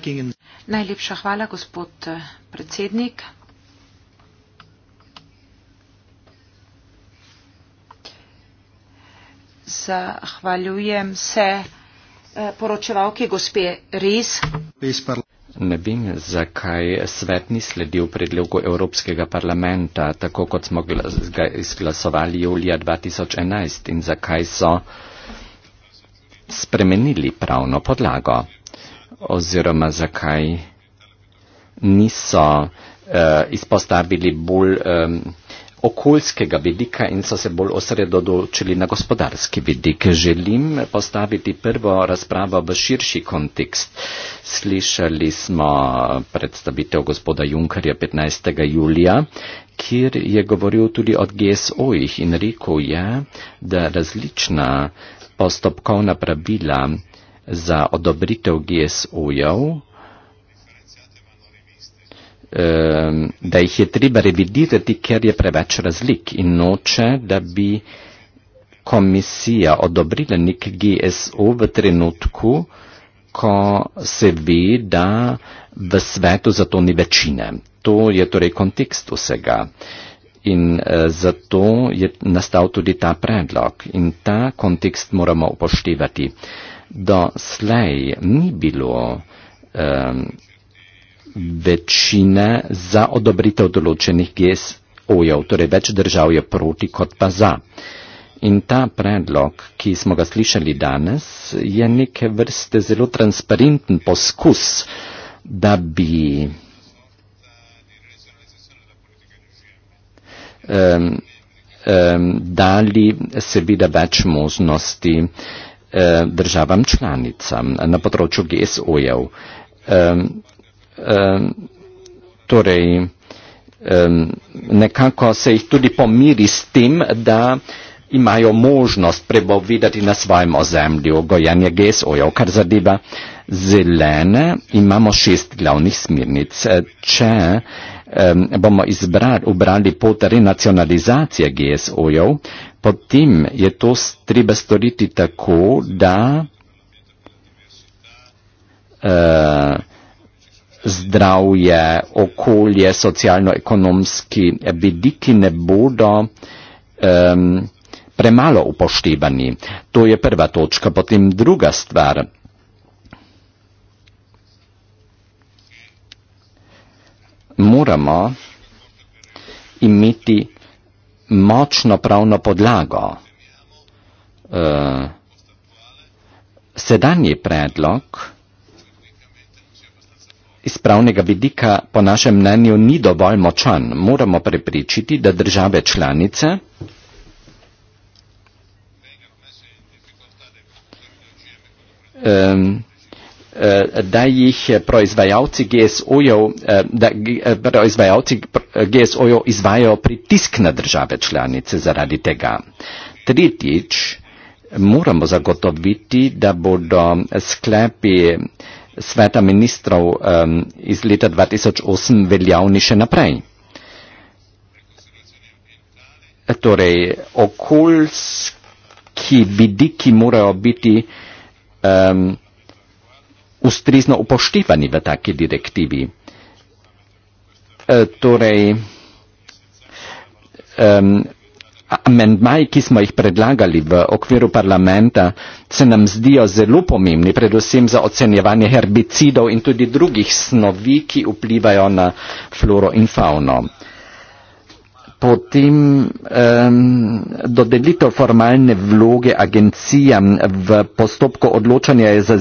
eh, Najlepša hvala, gospod predsednik. Zahvaljujem se. Eh, poročevalki gospe Riz. Ne vem, zakaj svet ni sledil predlogu Evropskega parlamenta, tako kot smo ga izglasovali julija 2011 in zakaj so spremenili pravno podlago oziroma zakaj niso uh, izpostavili bolj um, okoljskega vidika in so se bolj osredotočili na gospodarski vidik. Želim postaviti prvo razpravo v širši kontekst. Slišali smo predstavitev gospoda Junkarja 15. julija, kjer je govoril tudi o GSO-jih in rekel je, da različna postopkovna pravila za odobritev GSO-jev Ehm, da jih je treba revidirati, ker je preveč razlik in noče, da bi komisija odobrila nek GSO v trenutku, ko se ve, da v svetu za to ni večine. To je torej kontekst vsega. In eh, zato je nastal tudi ta predlog in ta kontekst moramo upoštevati. Do slej ni bilo um, večine za odobritev določenih gest ojev, torej več držav je proti kot pa za. In ta predlog, ki smo ga slišali danes, je neke vrste zelo transparenten poskus, da bi um, um, dali seveda več možnosti um, državam članicam na področju GSO-jev. Um, torej, nekako se jih tudi pomiri s tem, da imajo možnost prebovidati na svojem ozemlju gojanje GSO-jev, kar zadeva zelene, imamo šest glavnih smirnic. Če um, bomo izbrali, ubrali pot renacionalizacije GSO-jev, potem je to treba storiti tako, da uh, zdravje, okolje, socialno-ekonomski vidiki ne bodo um, premalo upoštevani. To je prva točka. Potem druga stvar. Moramo imeti močno pravno podlago. Uh, sedanji predlog Iz pravnega vidika, po našem mnenju, ni dovolj močan. Moramo prepričiti, da države članice um, da jih proizvajalci GSO-jev, eh, da eh, proizvajalci GSO-jev izvajo pritisk na države članice zaradi tega. Tretjič, moramo zagotoviti, da bodo sklepi eh, sveta ministrov um, iz leta 2008 veljavni še naprej. Torej, okoljski vidiki morajo biti um, ustrezno upoštevani v taki direktivi. E, torej, um, Amendmaji, ki smo jih predlagali v okviru parlamenta, se nam zdijo zelo pomembni, predvsem za ocenjevanje herbicidov in tudi drugih snovi, ki vplivajo na floro in fauno. Potem um, dodelitev formalne vloge agencijam v postopku odločanja je za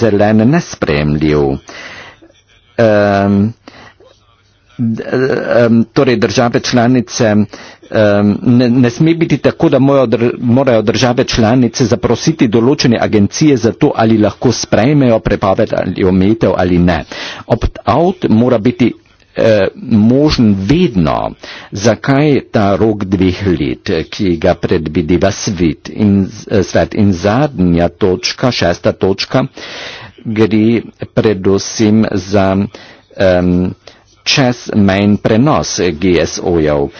zelen nespremljiv. Um, Eh, torej države članice ne, ne sme biti tako, da morajo države članice zaprositi določene agencije za to, ali lahko sprejmejo prepoved ali omejitev ali ne. Opt-out mora biti eh, možen vedno, zakaj ta rok dveh let, ki ga predvideva svet in, eh, svet in zadnja točka, šesta točka, gre predvsem za um, čez mejn prenos GSO-jev.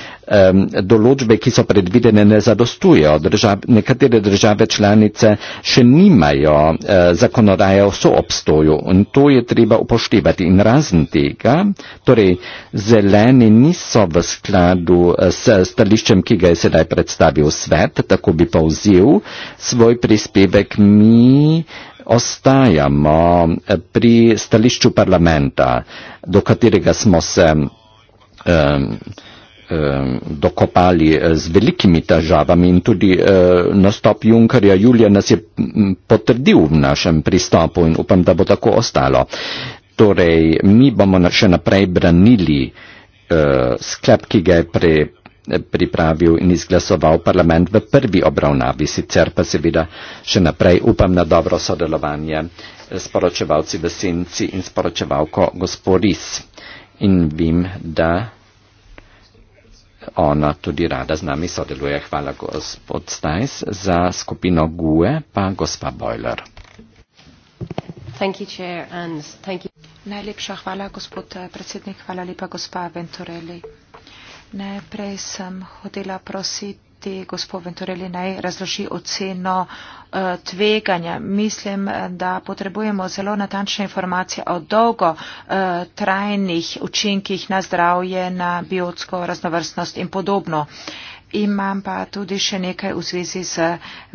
Določbe, ki so predvidene, ne zadostujejo. Držav, nekatere države članice še nimajo e, zakonodaje o soobstoju in to je treba upoštevati. In razen tega, torej zeleni niso v skladu e, s stališčem, ki ga je sedaj predstavil svet, tako bi povzil svoj prispevek mi ostajamo eh, pri stališču parlamenta, do katerega smo se um, dokopali eh, z velikimi težavami in tudi eh, nastop Junkarja Julija nas je potrdil v našem pristopu in upam, da bo tako ostalo. Torej, mi bomo še naprej branili eh, sklep, ki ga je pre, pripravil in izglasoval parlament v prvi obravnavi. Sicer pa seveda še naprej upam na dobro sodelovanje eh, sporočevalci v senci in sporočevalko gospodis. In vem, da ona tudi rada z nami sodeluje. Hvala gospod Stajs za skupino GUE, pa gospa Boiler. Najlepša hvala, gospod eh, predsednik. Hvala lepa, gospa Venturelli. Ne, prej sem hotela prositi gospod Venturelli naj razloži oceno eh, tveganja. Mislim, da potrebujemo zelo natančne informacije o dolgo eh, trajnih učinkih na zdravje, na biotsko raznovrstnost in podobno. Uh, imam pa tudi še nekaj v zvezi z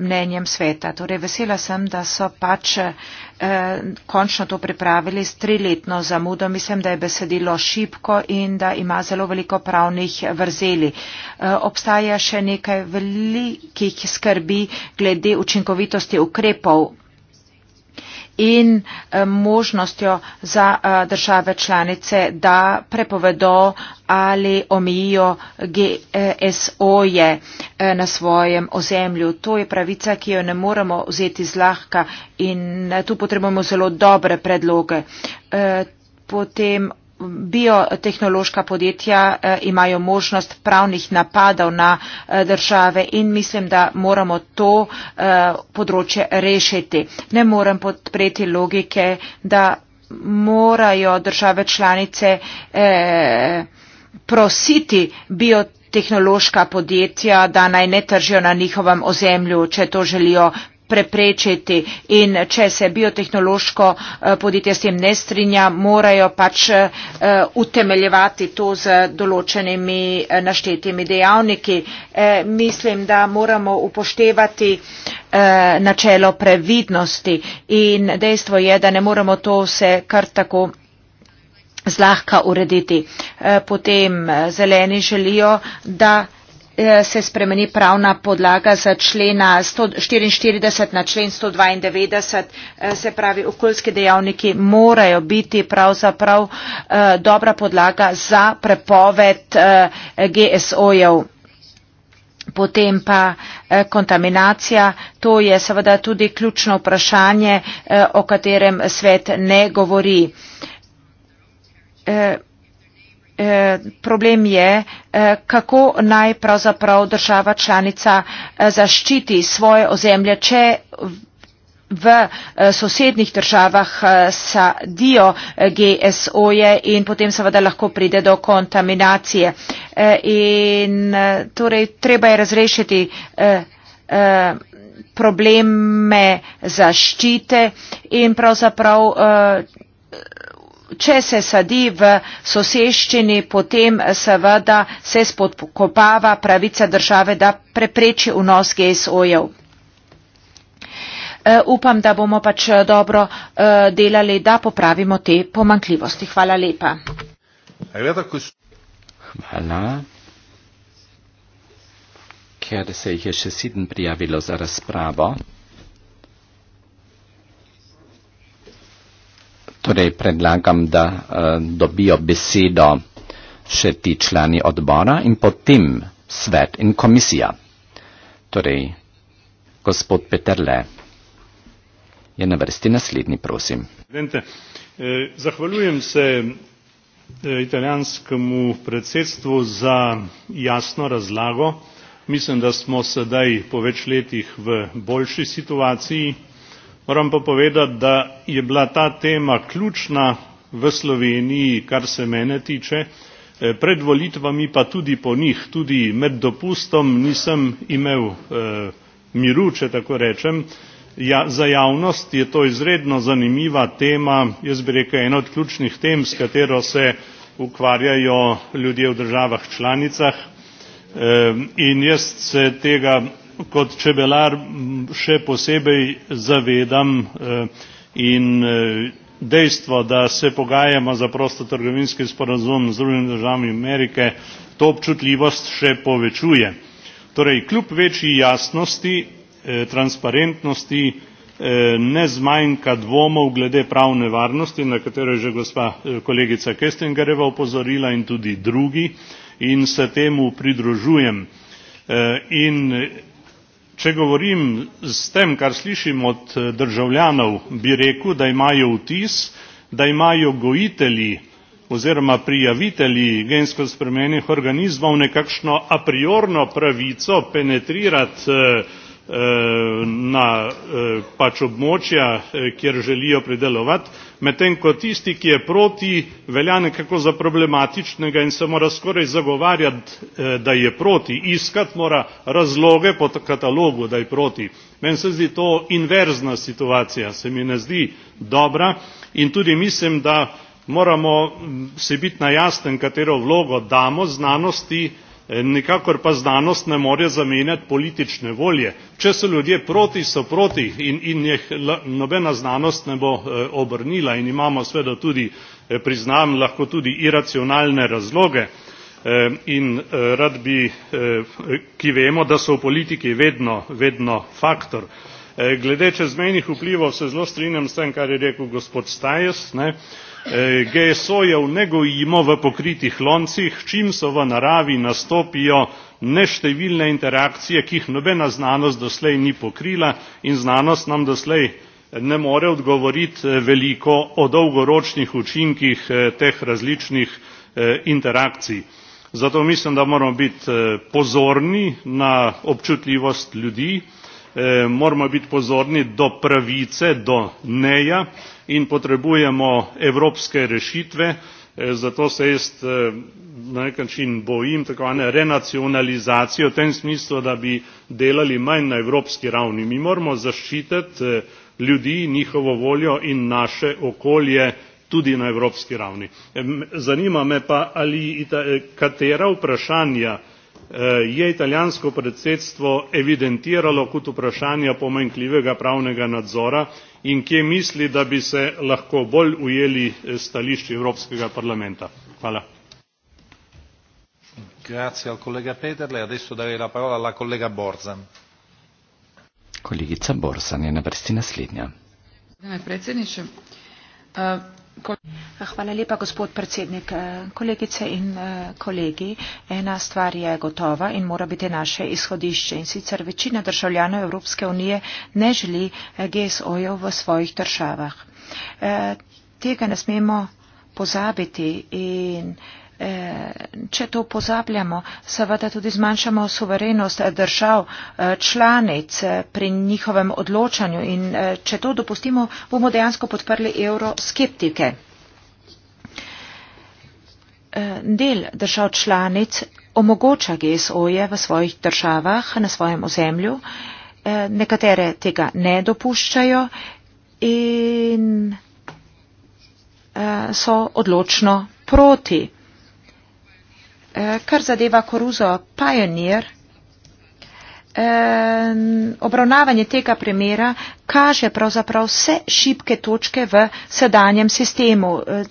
mnenjem sveta. Torej, vesela sem, da so pač eh, končno to pripravili s triletno zamudo. Mislim, da je besedilo šipko in da ima zelo veliko pravnih vrzeli. Eh, obstaja še nekaj velikih skrbi glede učinkovitosti ukrepov in eh, možnostjo za eh, države članice, da prepovedo ali omijijo GSO-je e eh, na svojem ozemlju. To je pravica, ki jo ne moremo vzeti zlahka in tu potrebujemo zelo dobre predloge. Potem biotehnološka podjetja eh, imajo možnost pravnih napadov na eh, države in mislim, da moramo to eh, področje rešiti. Ne morem podpreti logike, da morajo države članice prositi biotehnološka podjetja, da naj ne tržijo na njihovem ozemlju, če to želijo preprečiti. In če se biotehnološko eh, podjetje s tem ne strinja, morajo pač eh, utemeljevati to z določenimi eh, naštetimi dejavniki. Mislim, da moramo upoštevati načelo previdnosti in dejstvo je, da ne moramo to vse kar tako zlahka urediti. Potem zeleni želijo, da Eh, se spremeni pravna podlaga za člena 144 na člen 192, eh, se pravi, okoljski dejavniki morajo biti pravzaprav eh, dobra podlaga za prepoved GSO-jev. Potem pa kontaminacija, to je seveda tudi ključno vprašanje, o katerem svet ne govori. Eh, problem je, eh, kako naj pravzaprav država članica eh, zaščiti svoje ozemlje, če v sosednih državah sadijo GSO-je in potem seveda lahko pride do kontaminacije. In torej treba je razrešiti probleme zaščite in pravzaprav če se sadi v soseščini, potem seveda se spodkopava pravica države, da prepreči vnos GSO-jev. Eh, upam, da bomo pač eh, dobro eh, delali, da popravimo te pomankljivosti. Hvala lepa. Hvala. Ker se je še sedem prijavilo za razpravo. Torej, predlagam, da uh, dobijo besedo še ti člani odbora in potem svet in komisija. Torej, gospod Peterle je na vrsti naslednji, prosim. Vente, eh, zahvaljujem se eh, italijanskemu predsedstvu za jasno razlago. Mislim, da smo sedaj po več letih v boljši situaciji moram pa povedati da je bila ta tema ključna v sloveniji kar se mene tiče eh, pred volitvami pa tudi po njih tudi med dopustom nisem imel eh, miru če tako rečem ja za javnost je to izredno zanimiva tema jaz bi rekel ena od ključnih tem s katero se ukvarjajo ljudje v državah članicah eh, in jaz se tega kot čebelar še posebej zavedam eh, in eh, dejstvo, da se pogajamo za prostotrgovinski sporazum z drugimi državami Amerike, to občutljivost še povečuje. Torej, kljub večji jasnosti, eh, transparentnosti, ne zmanjka dvomov glede pravne varnosti, na katero je že gospa kolegica Kestengareva opozorila in tudi drugi in se temu pridružujem. In če govorim s tem kar slišim od eh, državljanov bi rekel da imajo vtis da imajo gojitelji oziroma prijavitelji gensko spremenjenih organizmov nekakšno apriorno pravico penetrirati eh, Eh, na eh, pač območja, eh, kjer želijo pridelovati, medtem ko tisti, ki je proti, velja nekako za problematičnega in se mora skoraj zagovarjati, da je proti, iskati mora razloge po katalogu, da je proti. Meni se zdi to inverzna situacija, se mi ne zdi dobra in tudi mislim, da moramo se biti na jasnem, katero vlogo damo znanosti, Eh, nikakor pa znanost ne more zamenjati politične volje če so ljudje proti so proti in jih nobena znanost ne bo eh, obrnila in imamo seveda tudi eh, priznam lahko tudi iracionalne razloge in rad bi ki vemo da so v politiki vedno vedno faktor. glede čezmejnih vplivov se zelo strinjam s tem kar je rekel gospod staes ne. E, GSO-jev ne gojimo v pokritih loncih, čim so v naravi nastopijo neštevilne interakcije, ki jih nobena znanost doslej ni pokrila in znanost nam doslej ne more odgovoriti e, veliko o dolgoročnih učinkih e, teh različnih interakcij. Zato mislim, da moramo biti pozorni na občutljivost ljudi, moramo biti pozorni do pravice, do neja, in potrebujemo evropske rešitve eh, zato se jaz eh, na nek način bojim tako imenovane renacionalizacije v tem smislu da bi delali manj na evropski ravni. mi moramo zaščititi eh, ljudi njihovo voljo in naše okolje tudi na evropski ravni. zanima me pa ali katera vprašanja Eh, je italijansko predsedstvo evidentiralo kot vprašanja pomanjkljivega pravnega nadzora in kje misli da bi se lahko bolj ujeli eh, stališč evropskega parlamenta? gospod predsedniče prvo moram reči da sem zelo vesela da je danes na mizi predlog resolucije o Hvala lepa, gospod predsednik. Eh, kolegice in eh, kolegi, ena stvar je gotova in mora biti naše izhodišče. In sicer večina državljanov Evropske unije ne želi eh, GSO-jev v svojih državah. Tega ne smemo pozabiti in če to pozabljamo, seveda tudi zmanjšamo suverenost držav eh, članic eh, pri njihovem odločanju in eh, če to dopustimo, bomo dejansko podprli euroskeptike. Del držav članic omogoča GSO-je v svojih državah, na svojem ozemlju. Nekatere tega ne dopuščajo in so odločno proti. Eh, kar zadeva koruzo Pioneer, eh, obravnavanje tega primera kaže pravzaprav vse šibke točke v sedanjem sistemu. Eh,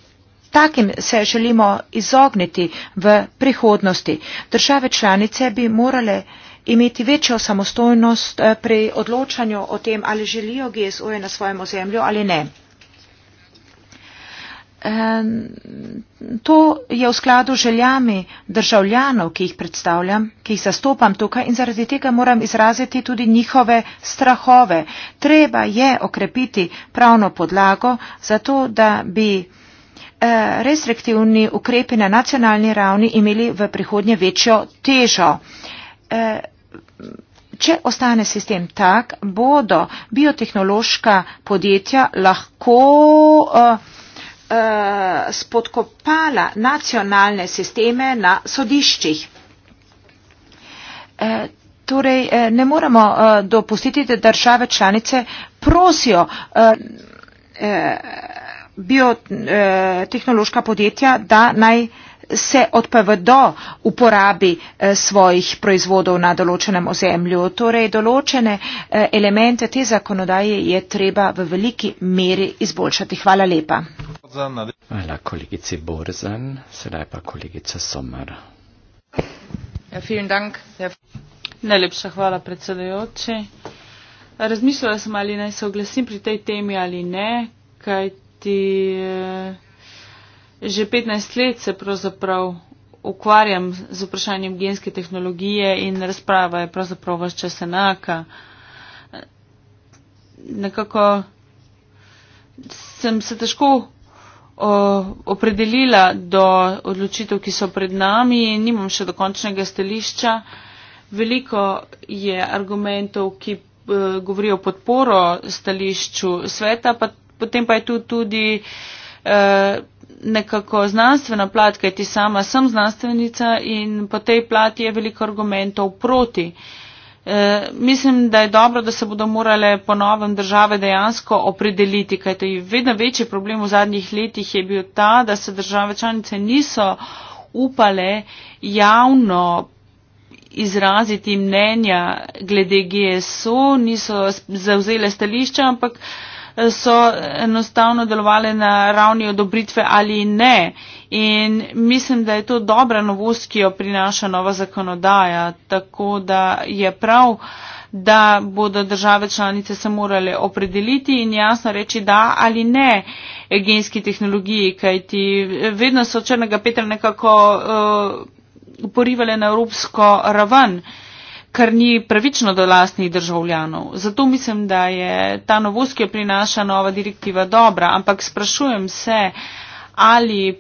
takim se želimo izogniti v prihodnosti. Države članice bi morale imeti večjo samostojnost pri odločanju o tem, ali želijo GSO-je na svojem ozemlju ali ne to je v skladu željami državljanov, ki jih predstavljam, ki jih zastopam tukaj in zaradi tega moram izraziti tudi njihove strahove. Treba je okrepiti pravno podlago za to, da bi eh, restriktivni ukrepi na nacionalni ravni imeli v prihodnje večjo težo. Eh, če ostane sistem tak, bodo biotehnološka podjetja lahko uh, Eh, spodkopala nacionalne sisteme na sodiščih. Eh, torej, eh, ne moramo dopustiti, da države članice prosijo biotehnološka podjetja, da naj se odpovedo uporabi eh, svojih proizvodov na določenem ozemlju. Torej, določene eh, elemente te zakonodaje je treba v veliki meri izboljšati. Hvala lepa. Hvala kolegici Borzen, sedaj pa kolegica Somer. Ja, Najlepša hvala, predsedajoči. Razmišljala sem, ali naj se oglasim pri tej temi ali ne, kajti. Eh, Že 15 let se pravzaprav ukvarjam z vprašanjem genske tehnologije in razprava je pravzaprav vse čas enaka. Nekako sem se težko o, opredelila do odločitev, ki so pred nami in nimam še dokončnega stališča. Veliko je argumentov, ki e, govorijo podporo stališču sveta, pa, potem pa je tu tudi. E, nekako znanstvena plat, kaj ti sama sem znanstvenica in po tej plati je veliko argumentov proti. E, mislim, da je dobro, da se bodo morale po novem države dejansko opredeliti, kaj to je vedno večji problem v zadnjih letih je bil ta, da se države članice niso upale javno izraziti mnenja glede GSO, niso zauzele stališča, ampak so enostavno delovale na ravni odobritve ali ne. In mislim, da je to dobra novost, ki jo prinaša nova zakonodaja. Tako da je prav, da bodo države članice se morale opredeliti in jasno reči da ali ne genski tehnologiji, kajti vedno so črnega petra nekako uh, porivale na evropsko raven. Uh, kar ni pravično do lastnih državljanov. Zato mislim, da je ta novost, ki jo prinaša nova direktiva, dobra, ampak sprašujem se, ali e,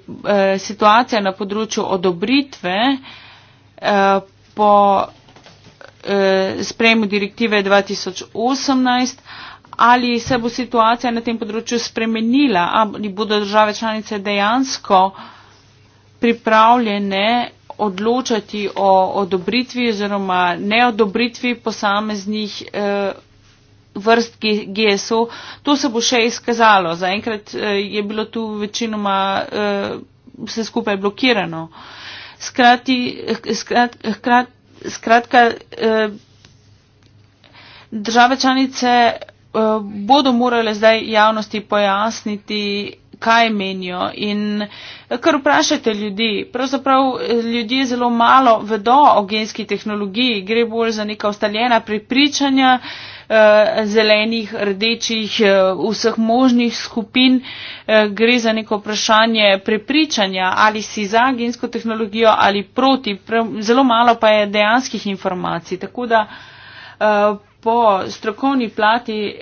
situacija na področju odobritve e, po e, sprejemu direktive 2018, ali se bo situacija na tem področju spremenila, ali bodo države članice dejansko pripravljene odločati o odobritvi oziroma neodobritvi posameznih eh, vrst GSO. To se bo še izkazalo. Zaenkrat eh, je bilo tu večinoma eh, vse skupaj blokirano. Skrati, skrat, skrat, skratka, države članice bodo morale zdaj javnosti pojasniti kaj menijo in kar vprašajte ljudi. Pravzaprav eh, ljudje zelo malo vedo o genski tehnologiji, gre bolj za neka ustaljena prepričanja eh, zelenih, rdečih, eh, vseh možnih skupin. Gre za neko vprašanje prepričanja, ali si za gensko tehnologijo ali proti. Zelo malo pa je dejanskih informacij. Tako da po strokovni plati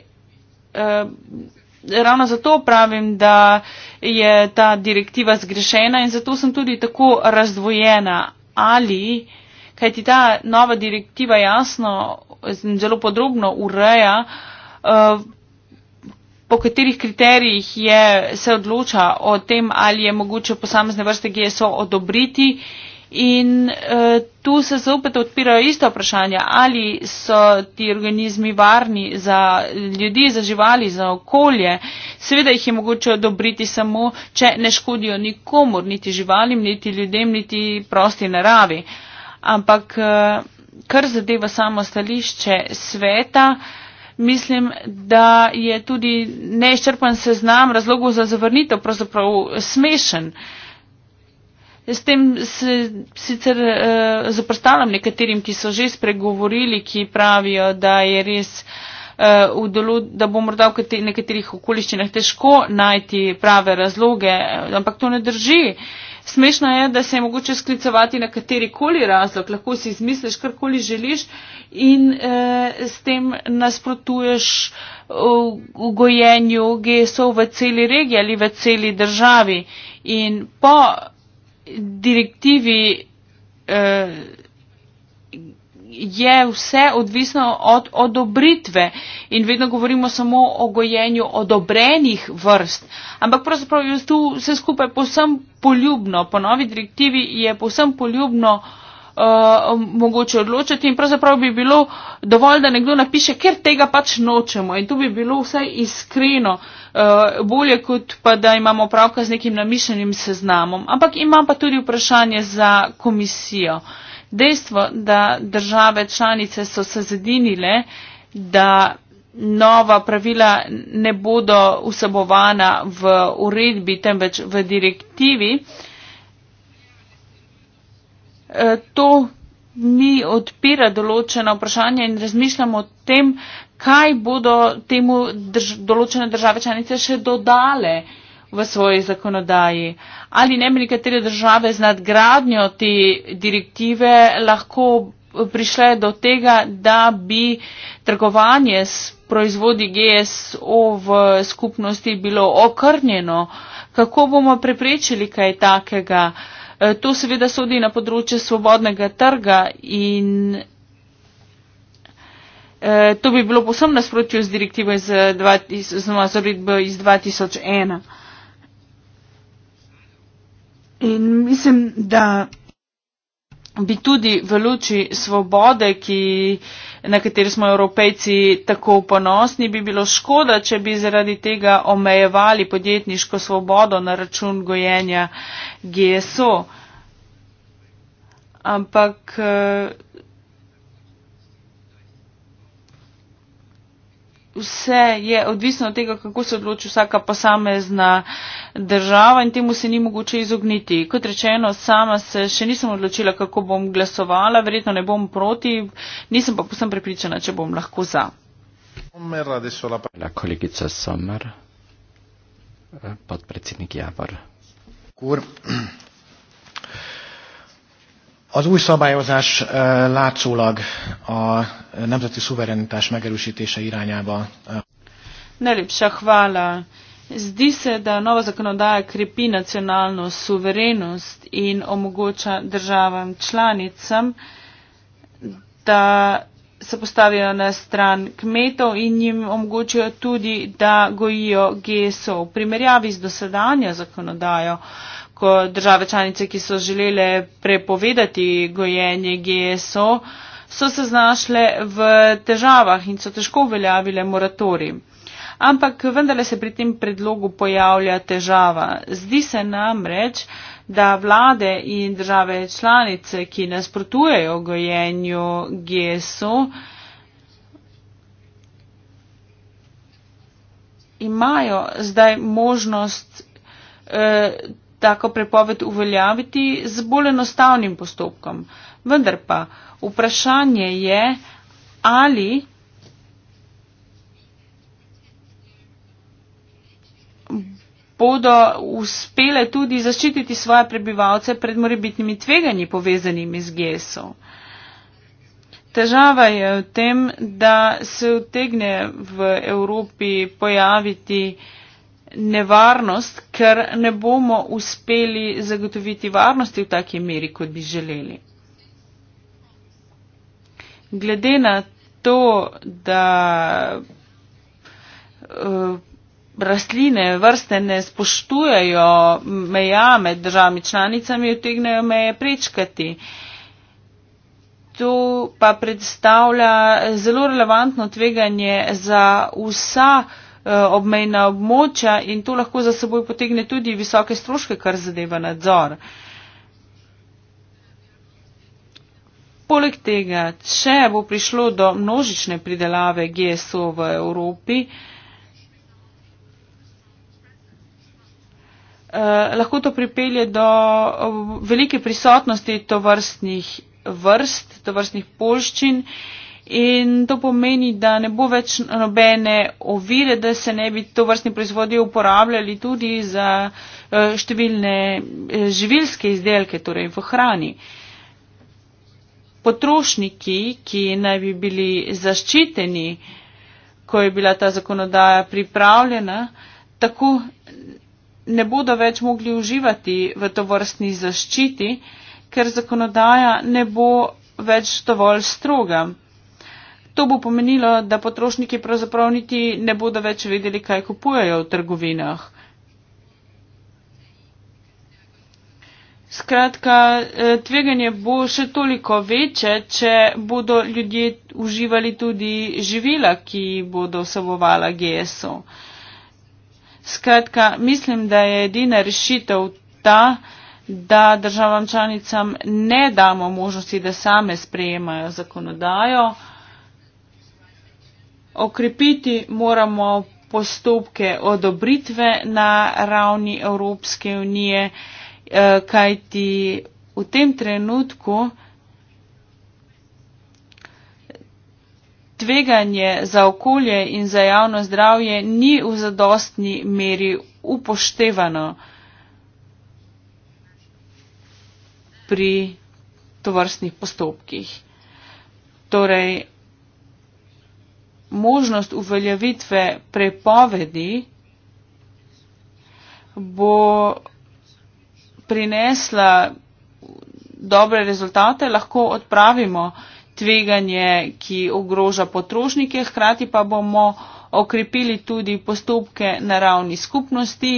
ravno zato pravim, da je ta direktiva zgrešena in zato sem tudi tako razdvojena. Ali, kaj ti ta nova direktiva jasno in zelo podrobno ureja, eh, po katerih kriterijih je, se odloča o tem, ali je mogoče posamezne vrste GSO odobriti In uh, tu se zopet odpirajo ista vprašanja, ali so ti organizmi varni za ljudi, za živali, za okolje. Seveda jih je mogoče odobriti samo, če ne škodijo nikomor, niti živalim, niti ljudem, niti prosti naravi. Ampak, uh, kar zadeva samo stališče sveta, mislim, da je tudi neščrpan seznam razlogov za zavrnitev pravzaprav smešen. Uh, S tem se sicer uh, eh, zaprstavljam nekaterim, ki so že spregovorili, ki pravijo, da je res, uh, eh, vdolu, da bo morda v kateri, nekaterih okoliščinah težko najti prave razloge, eh, ampak to ne drži. Smešno je, da se je mogoče sklicovati na katerikoli razlog, lahko si izmisliš, karkoli želiš in eh, s tem nasprotuješ ugojenju GSO v celi regiji ali v celi državi. In po direktivi eh, je vse odvisno od odobritve in vedno govorimo samo o gojenju odobrenih vrst. Ampak pravzaprav je tu vse skupaj povsem poljubno. Po novi direktivi je povsem poljubno eh, mogoče odločiti in pravzaprav bi bilo dovolj, da nekdo napiše, ker tega pač nočemo. In tu bi bilo vse iskreno. Eh, Eh, bolje kot pa, da imamo pravka z nekim namišljenim seznamom. Ampak imam pa tudi vprašanje za komisijo. Dejstvo, da države članice so se zedinile, da nova pravila ne bodo usebovana v uredbi, temveč v direktivi, eh, to mi odpira določena vprašanja in razmišljamo o tem, kaj bodo temu drž določene države članice še dodale v svoji zakonodaji. Ali ne bi nekatere države z nadgradnjo te direktive lahko prišle do tega, da bi trgovanje s proizvodi GSO v skupnosti bilo okrnjeno. Kako bomo preprečili kaj takega? E, to seveda sodi na področje svobodnega trga in Eh, to bi bilo posebno nasprotju z direktivo iz, eh, iz, iz 2001. In mislim, da bi tudi v luči svobode, ki, na kateri smo evropejci tako ponosni, bi bilo škoda, če bi zaradi tega omejevali podjetniško svobodo na račun gojenja GSO. Ampak. Uh, vse je odvisno od tega, kako se odloči vsaka posamezna država in temu se ni mogoče izogniti. Kot rečeno, sama se še nisem odločila, kako bom glasovala, verjetno ne bom proti, nisem pa posem prepričana, če bom lahko za. Kolegica Sommer, podpredsednik Javor. Az új szabályozás látszólag a nemzeti szuverenitás megerősítése irányába. Najlepša hvala. Zdi se, da nova zakonodaja krepi nacionalno suverenost in omogoča državam članicam, da se postavijo na stran kmetov in jim omogočijo tudi, da gojijo geso. V primerjavi z dosedanjo zakonodajo, ko države članice, ki so želele prepovedati gojenje geso, so se znašle v težavah in so težko uveljavile moratori. Ampak vendarle se pri tem predlogu pojavlja težava. Zdi se namreč, da vlade in države članice, ki nasprotujejo gojenju GSO, imajo zdaj možnost eh, tako prepoved uveljaviti z bolj enostavnim postopkom. Vendar pa vprašanje je, ali bodo uspele tudi zaščititi svoje prebivalce pred morebitnimi tveganji povezanimi z gesom. Težava je v tem, da se utegne v Evropi pojaviti nevarnost, ker ne bomo uspeli zagotoviti varnosti v taki meri, kot bi želeli. Glede na to, da eh, rastline, vrste ne spoštujejo meja med državami članicami, utegnejo meje prečkati. To pa predstavlja zelo relevantno tveganje za vsa eh, obmejna območja in to lahko za seboj potegne tudi visoke stroške, kar zadeva nadzor. Poleg tega, če bo prišlo do množične pridelave GSO v Evropi, Eh, lahko to pripelje do eh, velike prisotnosti tovrstnih vrst, tovrstnih polščin in to pomeni, da ne bo več nobene ovire, da se ne bi tovrstni proizvodi uporabljali tudi za eh, številne živilske izdelke, torej v hrani. Potrošniki, ki naj bi bili zaščiteni, ko je bila ta zakonodaja pripravljena, tako ne bodo več mogli uživati v to vrstni zaščiti, ker zakonodaja ne bo več dovolj stroga. To bo pomenilo, da potrošniki pravzaprav niti ne bodo več vedeli, kaj kupujejo v trgovinah. Skratka, e, tveganje bo še toliko večje, če bodo ljudje uživali tudi živila, ki bodo vsebovala GSO. Skratka, mislim, da je edina rešitev ta, da državam članicam ne damo možnosti, da same sprejemajo zakonodajo. Okrepiti moramo postopke odobritve na ravni Evropske unije, eh, kajti v tem trenutku. tveganje za okolje in za javno zdravje ni v zadostni meri upoštevano pri tovrstnih postopkih. Torej, možnost uveljavitve prepovedi bo prinesla dobre rezultate, lahko odpravimo tveganje, ki ogroža potrošnike, hkrati pa bomo okrepili tudi postopke na ravni skupnosti,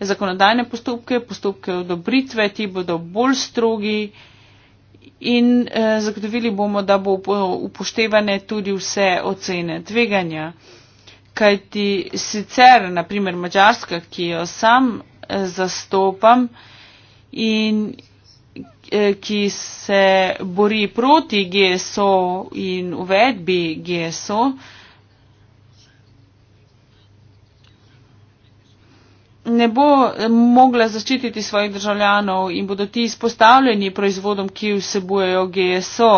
zakonodajne postopke, postopke odobritve, ti bodo bolj strogi in eh, zagotovili bomo, da bo upoštevane tudi vse ocene tveganja. Kajti sicer, naprimer, Mačarska, ki jo sam eh, zastopam in Eh, ki se bori proti GSO in uvedbi GSO. ne bo mogla zaščititi svojih državljanov in bodo ti izpostavljeni proizvodom, ki vsebujejo GSO.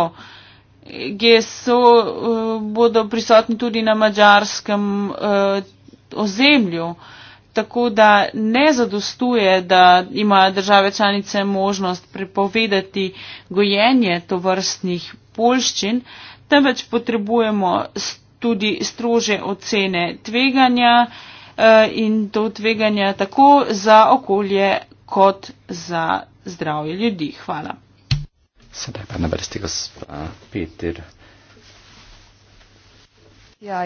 GSO uh, eh, bodo prisotni tudi na mađarskem uh, eh, ozemlju. Uh, tako da ne zadostuje, da ima države članice možnost prepovedati gojenje tovrstnih polščin, temveč potrebujemo tudi strože ocene tveganja eh, in to tveganja tako za okolje kot za zdravje ljudi. Hvala. Sedaj pa na vrsti gospod Peter Ja,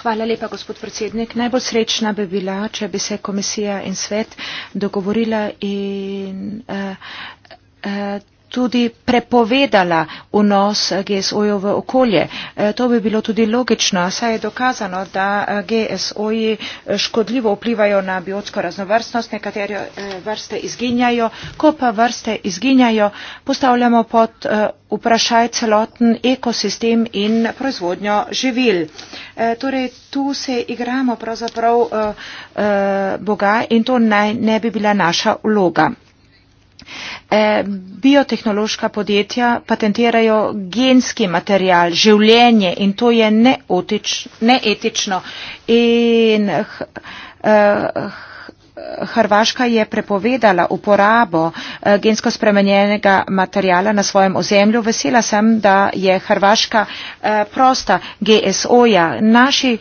Hvala lepa, gospod predsednik. Najbolj srečna bi bila, če bi se komisija in svet dogovorila in. Uh, uh, tudi prepovedala vnos GSO-jev v okolje. E, to bi bilo tudi logično, saj je dokazano, da e, GSO-ji e, škodljivo vplivajo na biotsko raznovrstnost, nekatere vrste izginjajo, ko pa vrste izginjajo, postavljamo pod vprašaj celoten ekosistem in proizvodnjo živil. Torej, tu se igramo pravzaprav Boga in to naj ne bi bila naša vloga. Eh, biotehnološka podjetja patentirajo genski material, življenje in to je neetično. In eh, Hrvaška je prepovedala uporabo eh, gensko spremenjenega materijala na svojem ozemlju. Vesela sem, da je Hrvaška prosta GSO-ja. Naši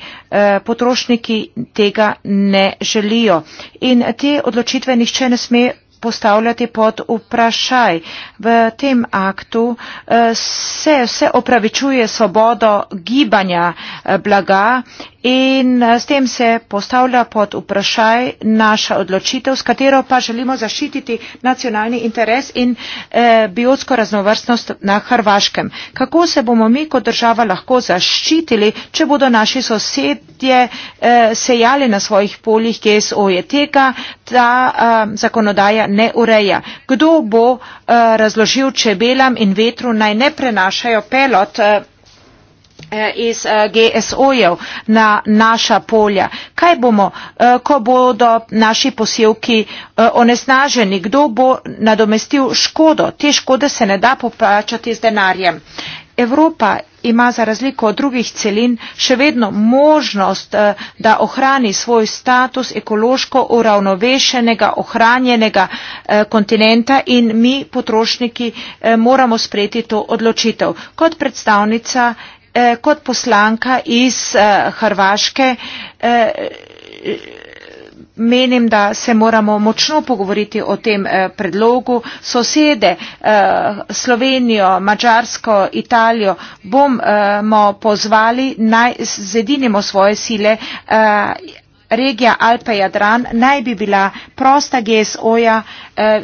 potrošniki tega ne želijo. In te odločitve nihče ne sme postavljati pod vprašaj. V tem aktu eh, se, se opravičuje svobodo gibanja eh, blaga in eh, s tem se postavlja pod vprašaj naša odločitev, s katero pa želimo zaščititi nacionalni interes in eh, biotsko raznovrstnost na Hrvaškem. Kako se bomo mi kot država lahko zaščitili, če bodo naši sosedje eh, sejali na svojih poljih GSO, je tega ta eh, zakonodaja ne ureja. Kdo bo eh, razložil čebelam in vetru naj ne prenašajo pelot? Eh, Eh, iz eh, GSO-jev na naša polja. Kaj bomo, eh, ko bodo naši posilki onesnaženi? Kdo bo nadomestil škodo? Te škode se ne da poplačati z denarjem. Evropa ima za razliko od drugih celin še vedno možnost, da ohrani svoj status ekološko uravnovešenega, ohranjenega kontinenta in mi, potrošniki, moramo sprejeti to odločitev. Kot predstavnica Eh, kot poslanka iz eh, Hrvaške eh, menim, da se moramo močno pogovoriti o tem predlogu. Sosede Slovenijo, Mačarsko, Italijo bomo pozvali naj zedinimo svoje sile. Regija Alpe Jadran naj bi bila prosta GSO-ja,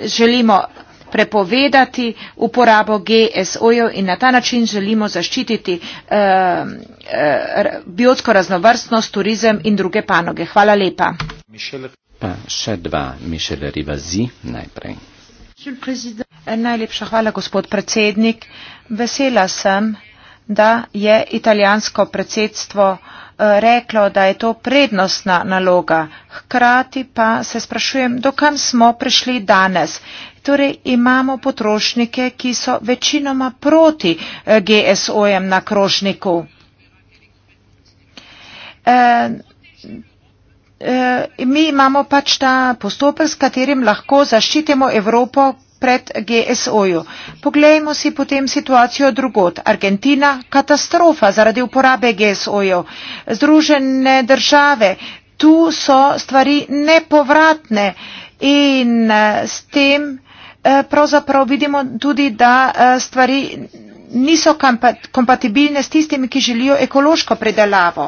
želimo prepovedati uporabo GSO-jev in na ta način želimo zaščititi eh, eh, biotsko raznovrstnost, turizem in druge panoge. Hvala lepa. Pa še dva, Mišel Rivazi najprej. Eh, najlepša hvala, gospod predsednik. Vesela sem, da je italijansko predsedstvo reklo, da je to prednostna naloga. Hkrati pa se sprašujem, dokam smo prišli danes torej imamo potrošnike, ki so večinoma proti eh, GSO-jem na krožniku. Eh, eh, mi imamo pač ta postopek, s katerim lahko zaščitimo Evropo pred GSO-ju. Poglejmo si potem situacijo drugot. Argentina, katastrofa zaradi uporabe GSO-jev. Združene države, tu so stvari nepovratne in s tem Eh, pravzaprav vidimo tudi, da eh, stvari niso kompatibilne s tistimi, ki želijo ekološko predelavo.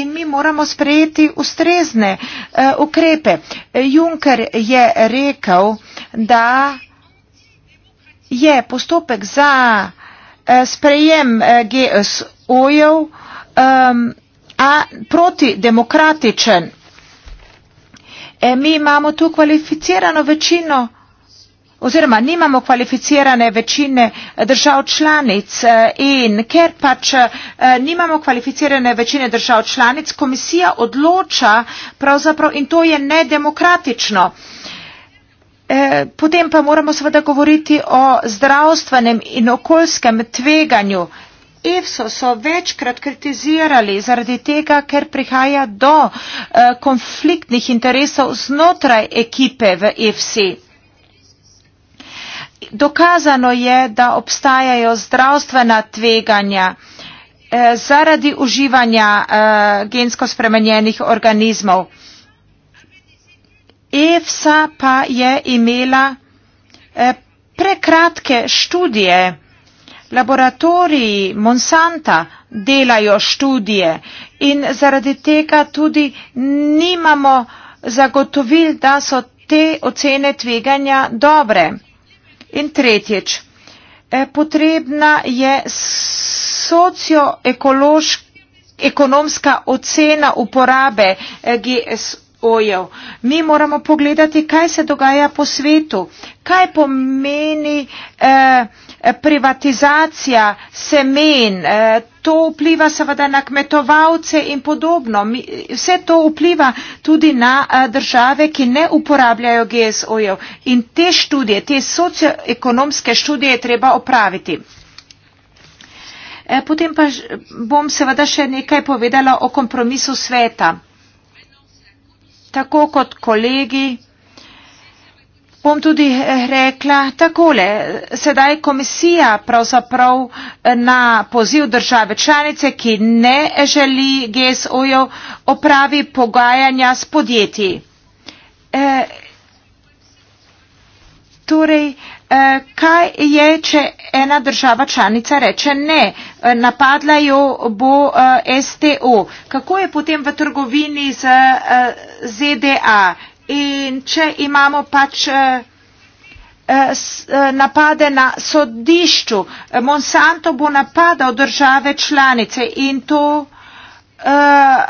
In mi moramo sprejeti ustrezne eh, ukrepe. Juncker je rekel, da je postopek za sprejem GSO-jev ehm, protidemokratičen. Mi imamo tu kvalificirano večino oziroma nimamo kvalificirane večine eh, držav članic eh, in ker pač eh, nimamo kvalificirane večine držav članic, komisija odloča pravzaprav in to je nedemokratično. Potem pa moramo seveda govoriti o zdravstvenem in okoljskem tveganju. EFSO so večkrat kritizirali zaradi tega, ker prihaja do konfliktnih interesov znotraj ekipe v EFSI dokazano je, da obstajajo zdravstvena tveganja eh, zaradi uživanja eh, gensko spremenjenih organizmov. EFSA pa je imela eh, prekratke študije. Laboratoriji Monsanta delajo študije in zaradi tega tudi nimamo zagotovil, da so te ocene tveganja dobre. In tretjič, eh, potrebna je socioekonomska ocena uporabe eh, GSO-jev. Mi moramo pogledati, kaj se dogaja po svetu, kaj pomeni eh, Eh, privatizacija semen, eh, to vpliva seveda na kmetovalce in podobno. Vse to vpliva tudi na eh, države, ki ne uporabljajo GSO-jev in te študije, te socioekonomske študije je treba opraviti. Potem pa bom seveda še nekaj povedala o kompromisu sveta. Tako kot kolegi bom tudi eh, rekla takole. Sedaj komisija pravzaprav eh, na poziv države članice, ki ne želi GSO-jev, opravi pogajanja s podjetji. E, torej, e, kaj je, če ena država članica reče ne, napadla jo bo e, STO? Kako je potem v trgovini z e, ZDA? in če imamo pač eh, eh, eh, napade na sodišču. Monsanto bo napadal države članice in to um,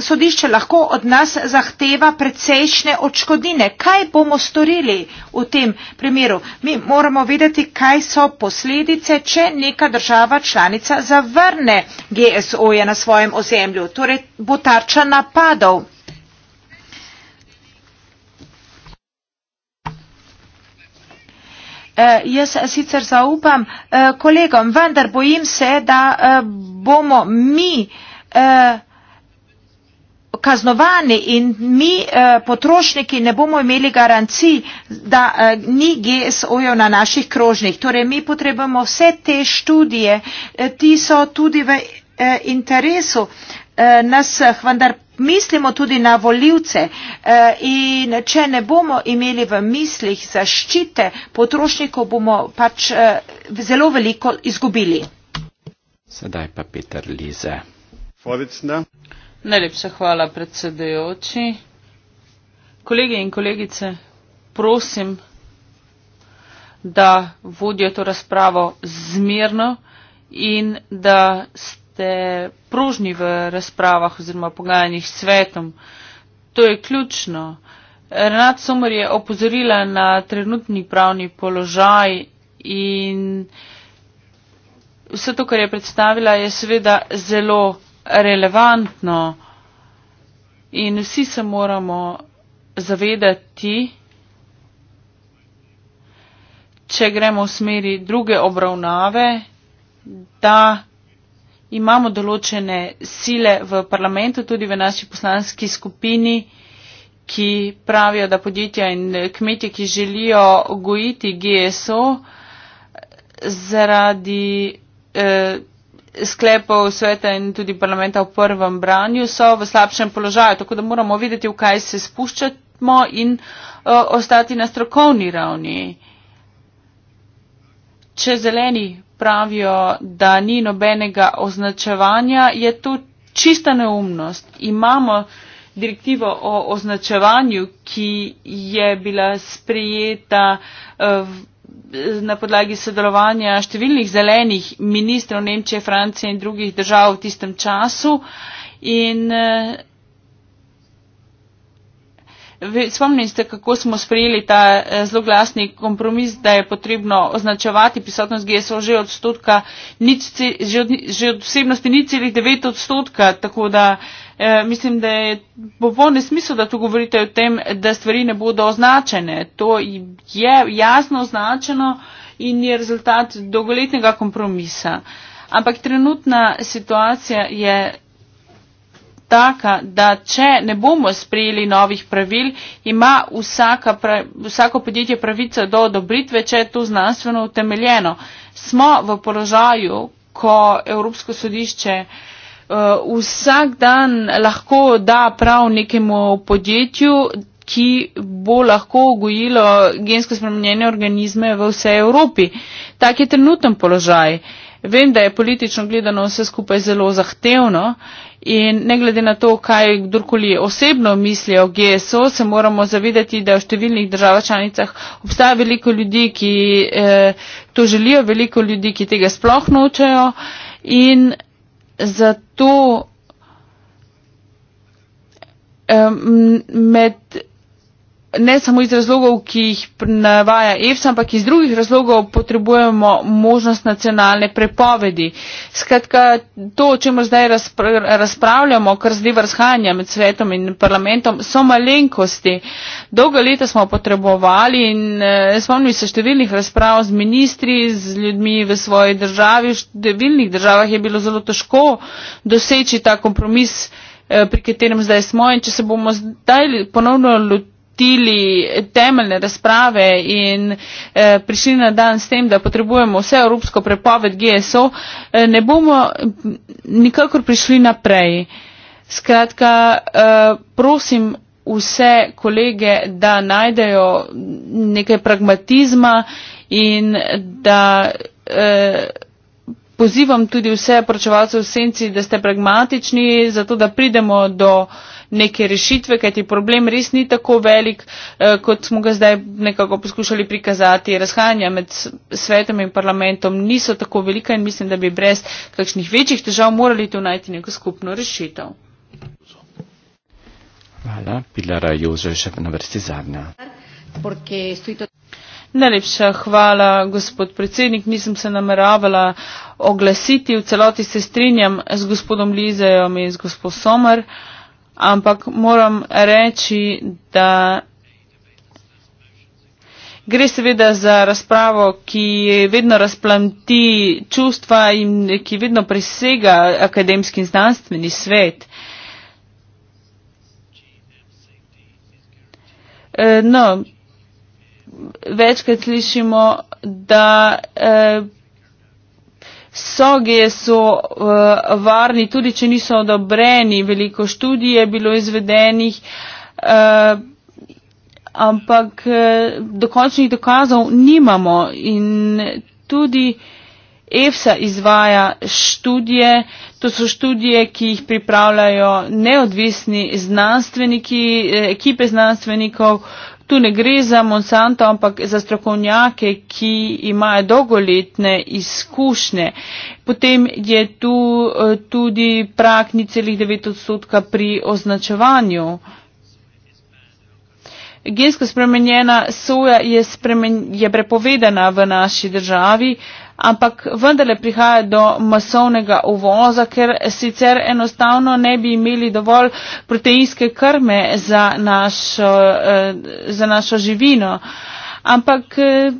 sodišče lahko od nas zahteva precejšnje očkodine. Kaj bomo storili v tem primeru? Mi moramo vedeti, kaj so posledice, če neka država članica zavrne GSO-je na svojem ozemlju. Torej bo tarča napadov. Eh, jaz sicer zaupam eh, kolegom, vendar bojim se, da eh, bomo mi kaznovani in mi potrošniki ne bomo imeli garancij, da ni GSO-jo na naših krožnih. Torej, mi potrebujemo vse te študije, ti so tudi v interesu Eh, nas eh, vendar mislimo tudi na voljivce eh, in če ne bomo imeli v mislih zaščite potrošnikov, bomo pač zelo veliko izgubili. Sedaj pa Peter Lize. Forecna. Najlepša hvala predsedajoči. Kolege in kolegice, prosim, da vodijo to razpravo zmirno in da ste ste prožni v razpravah oziroma pogajanjih s svetom. To je ključno. Renat Somer je opozorila na trenutni pravni položaj in vse to, kar je predstavila, je seveda zelo relevantno in vsi se moramo zavedati, če gremo v smeri druge obravnave, da imamo določene sile v parlamentu, tudi v naši poslanski skupini, ki pravijo, da podjetja in eh, kmetje, ki želijo gojiti GSO zaradi eh, sklepov sveta in tudi parlamenta v prvem branju, so v slabšem položaju. Tako da moramo videti, v kaj se spuščamo in eh, ostati na strokovni ravni. Če zeleni pravijo, da ni nobenega označevanja, je to čista neumnost. Imamo direktivo o označevanju, ki je bila sprijeta eh, na podlagi sodelovanja številnih zelenih ministrov Nemčije, Francije in drugih držav v tistem času. In eh, Spomnim se, kako smo sprejeli ta eh, zloglasni kompromis, da je potrebno označevati prisotnost GSO že od, stotka, nič, že od, že od vsebnosti nič celih devet odstotka. Tako da eh, mislim, da je popolno nesmisel, da tu govorite o tem, da stvari ne bodo označene. To je jasno označeno in je rezultat dolgoletnega kompromisa. Ampak trenutna situacija je taka, da če ne bomo sprejeli novih pravil, ima vsaka, vsako podjetje pravico do odobritve, če je to znanstveno utemeljeno. Smo v položaju, ko Evropsko sodišče uh, vsak dan lahko da prav nekemu podjetju, ki bo lahko gojilo gensko spremenjene organizme v vse Evropi. Tak je trenuten položaj. Vem, da je politično gledano vse skupaj zelo zahtevno In ne glede na to, kaj kdorkoli osebno misli o GSO, se moramo zavedati, da v številnih državah članicah obstaja veliko ljudi, ki eh, to želijo, veliko ljudi, ki tega sploh nočejo. In zato eh, med ne samo iz razlogov, ki jih navaja EFSA, ampak iz drugih razlogov potrebujemo možnost nacionalne prepovedi. Skratka, to, o čemer zdaj razpravljamo, kar zdaj razhajanja med svetom in parlamentom, so malenkosti. Dolga leta smo potrebovali in eh, spomnim se številnih razprav z ministri, z ljudmi v svoji državi, v številnih državah je bilo zelo težko doseči ta kompromis, eh, pri katerem zdaj smo in če se bomo zdaj ponovno lotili, sprostili temeljne razprave in eh, prišli na dan s tem, da potrebujemo vse evropsko prepoved GSO, eh, ne bomo nikakor prišli naprej. Skratka, eh, prosim vse kolege, da najdejo nekaj pragmatizma in da pozivam tudi vse poročevalce v senci, da ste pragmatični, zato da pridemo do neke rešitve, kajti problem res ni tako velik, eh, kot smo ga zdaj nekako poskušali prikazati. Razhajanja med svetom in parlamentom niso tako velika in mislim, da bi brez kakšnih večjih težav morali tu najti neko skupno rešitev. Hvala. Pilara Jozo je še na vrsti zadnja. Najlepša hvala, gospod predsednik. Nisem se nameravala oglasiti. V celoti se strinjam z gospodom Lizejom in z gospod Somer. Uh, ampak moram reči, da gre seveda za razpravo, ki vedno razplanti čustva in ki vedno presega akademski in znanstveni svet. E, no, večkrat slišimo, da eh, so GSO eh, varni, tudi če niso odobreni, veliko študij je bilo izvedenih, eh, ampak eh, dokončnih dokazov nimamo in tudi EFSA izvaja študije, to so študije, ki jih pripravljajo neodvisni znanstveniki, ekipe znanstvenikov, Tu ne gre za Monsanto, ampak za strokovnjake, ki imajo dolgoletne izkušnje. Potem je tu eh, tudi prak ni celih 9 odstotka pri označevanju. Gensko spremenjena soja je, spremen, je prepovedana v naši državi. Uh, ampak vendarle prihaja do masovnega uvoza, ker sicer enostavno ne bi imeli dovolj proteinske krme za našo, eh, za našo živino. Ampak eh,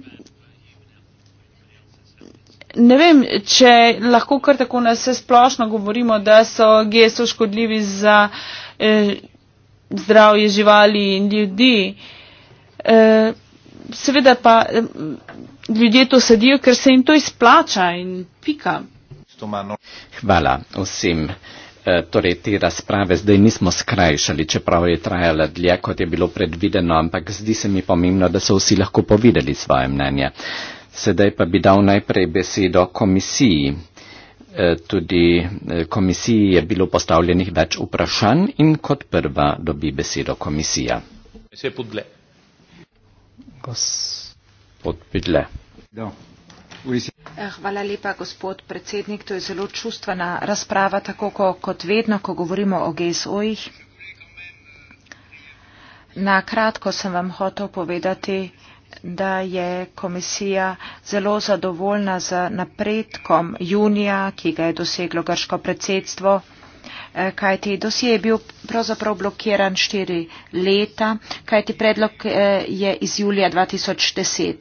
ne vem, če lahko kar tako na vse splošno govorimo, da so geso škodljivi za eh, zdravje živali in ljudi seveda pa ljudje to sedijo, ker se jim to izplača in pika. Hvala vsem. E, torej, te razprave zdaj nismo skrajšali, čeprav je trajala dlje, kot je bilo predvideno, ampak zdi se mi pomembno, da so vsi lahko povedali svoje mnenje. Sedaj pa bi dal najprej besedo komisiji. E, tudi e, komisiji je bilo postavljenih več vprašanj in kot prva dobi besedo komisija. Se je podle. Marcos. Podpidle. Eh, hvala lepa, gospod predsednik. To je zelo čustvena razprava, tako kot vedno, ko govorimo o GSO-jih. Na kratko sem vam hotel povedati, da je komisija zelo zadovoljna z napredkom junija, ki ga je doseglo grško predsedstvo. Eh, kajti dosje je bil pravzaprav blokiran štiri leta, kajti predlog eh, je iz julija 2010.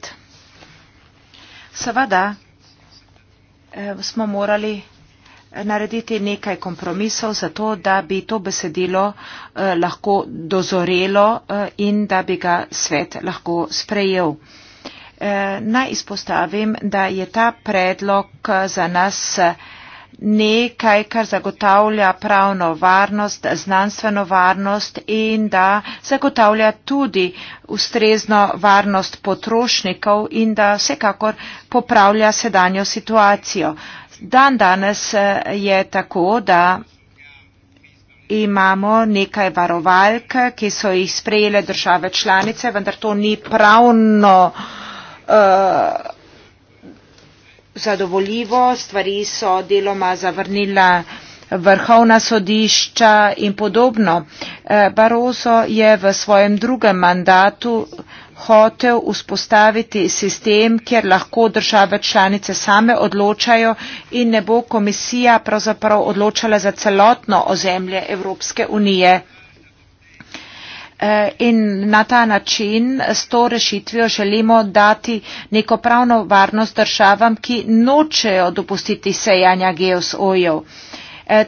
Seveda eh, smo morali narediti nekaj kompromisov za to, da bi to besedilo lahko dozorelo in da bi ga svet lahko sprejel. Naj izpostavim, da je ta predlog za nas nekaj, kar zagotavlja pravno varnost, znanstveno varnost in da zagotavlja tudi ustrezno varnost potrošnikov in da vsekakor popravlja sedanjo situacijo. Dan danes eh, je tako, da imamo nekaj varovalk, ki so jih sprejele države članice, vendar to ni pravno. Uh, zadovoljivo, stvari so deloma zavrnila vrhovna sodišča in podobno. Eh, Barozo je v svojem drugem mandatu hotel vzpostaviti sistem, kjer lahko države članice same odločajo in ne bo komisija pravzaprav odločala za celotno ozemlje Evropske unije. Eh, in na ta način s to rešitvijo želimo dati neko pravno varnost državam, ki nočejo dopustiti sejanja geosojev. Eh,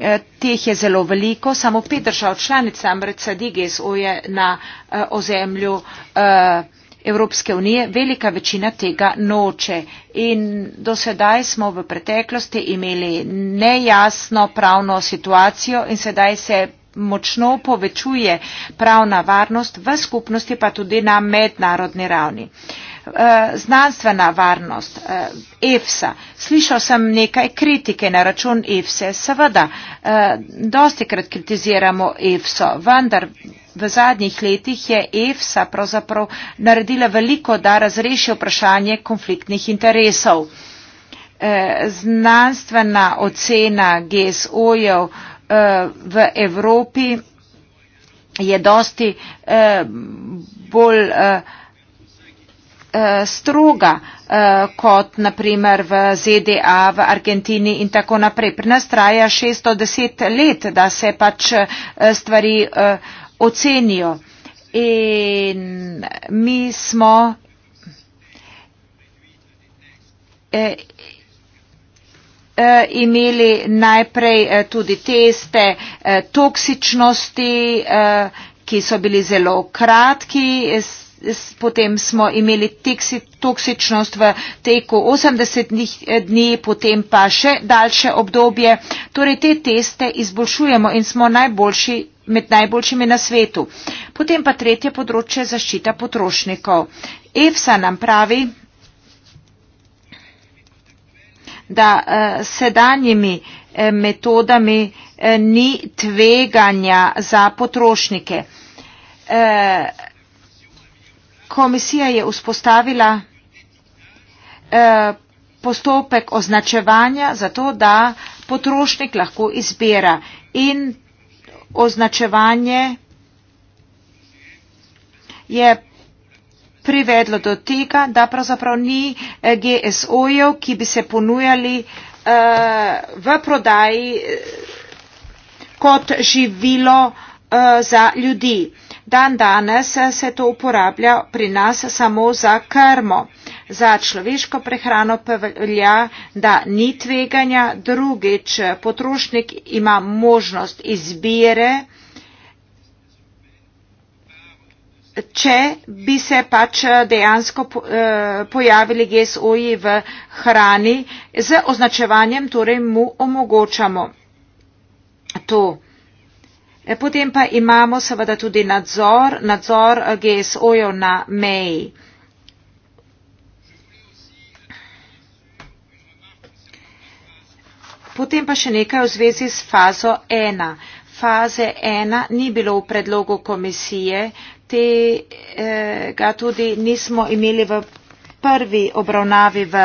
eh, teh je zelo veliko, samo pet držav članic namreč sedi geosoje na ozemlju Evropske unije, velika večina tega noče. In do sedaj smo v preteklosti imeli nejasno pravno situacijo in sedaj se močno povečuje pravna varnost v skupnosti, pa tudi na mednarodni ravni. Eh, znanstvena varnost, eh, EFSA. Slišal sem nekaj kritike na račun EFSE. Seveda, eh, dosti krat kritiziramo EFSO, vendar v zadnjih letih je EFSA pravzaprav naredila veliko, da razreši vprašanje konfliktnih interesov. Znanstvena ocena GSO-jev Eh, v Evropi je dosti eh, bolj eh, stroga kot naprimer v ZDA, v Argentini in tako naprej. Pri nas traja 610 let, da se pač stvari ocenijo. In mi smo Eh, imeli najprej eh, tudi teste eh, toksičnosti, ki so bili zelo kratki. Potem smo imeli toksičnost v teku 80 dni, potem pa še daljše obdobje. Torej te teste izboljšujemo in smo najboljši, med najboljšimi na svetu. Potem pa tretje področje zaščita potrošnikov. EFSA nam pravi, da s eh, sedanjimi eh, metodami eh, ni tveganja za potrošnike. Komisija je vzpostavila postopek označevanja za to, da potrošnik lahko izbira in označevanje je privedlo do tega, da pravzaprav ni eh, GSO-jev, ki bi se ponujali uh, v prodaji eh, kot živilo uh, za ljudi. Dan danes se to uporablja pri nas samo za krmo. Za človeško prehrano pa velja, da ni tveganja. Drugič, potrošnik ima možnost izbire. če bi se pač eh, dejansko eh, pojavili GSO-ji v hrani z označevanjem, torej mu omogočamo to. E, potem pa imamo seveda tudi nadzor, nadzor eh, GSO-jev na meji. Potem pa še nekaj v zvezi s fazo 1. Faze 1 ni bilo v predlogu komisije, tega tudi nismo imeli v prvi obravnavi v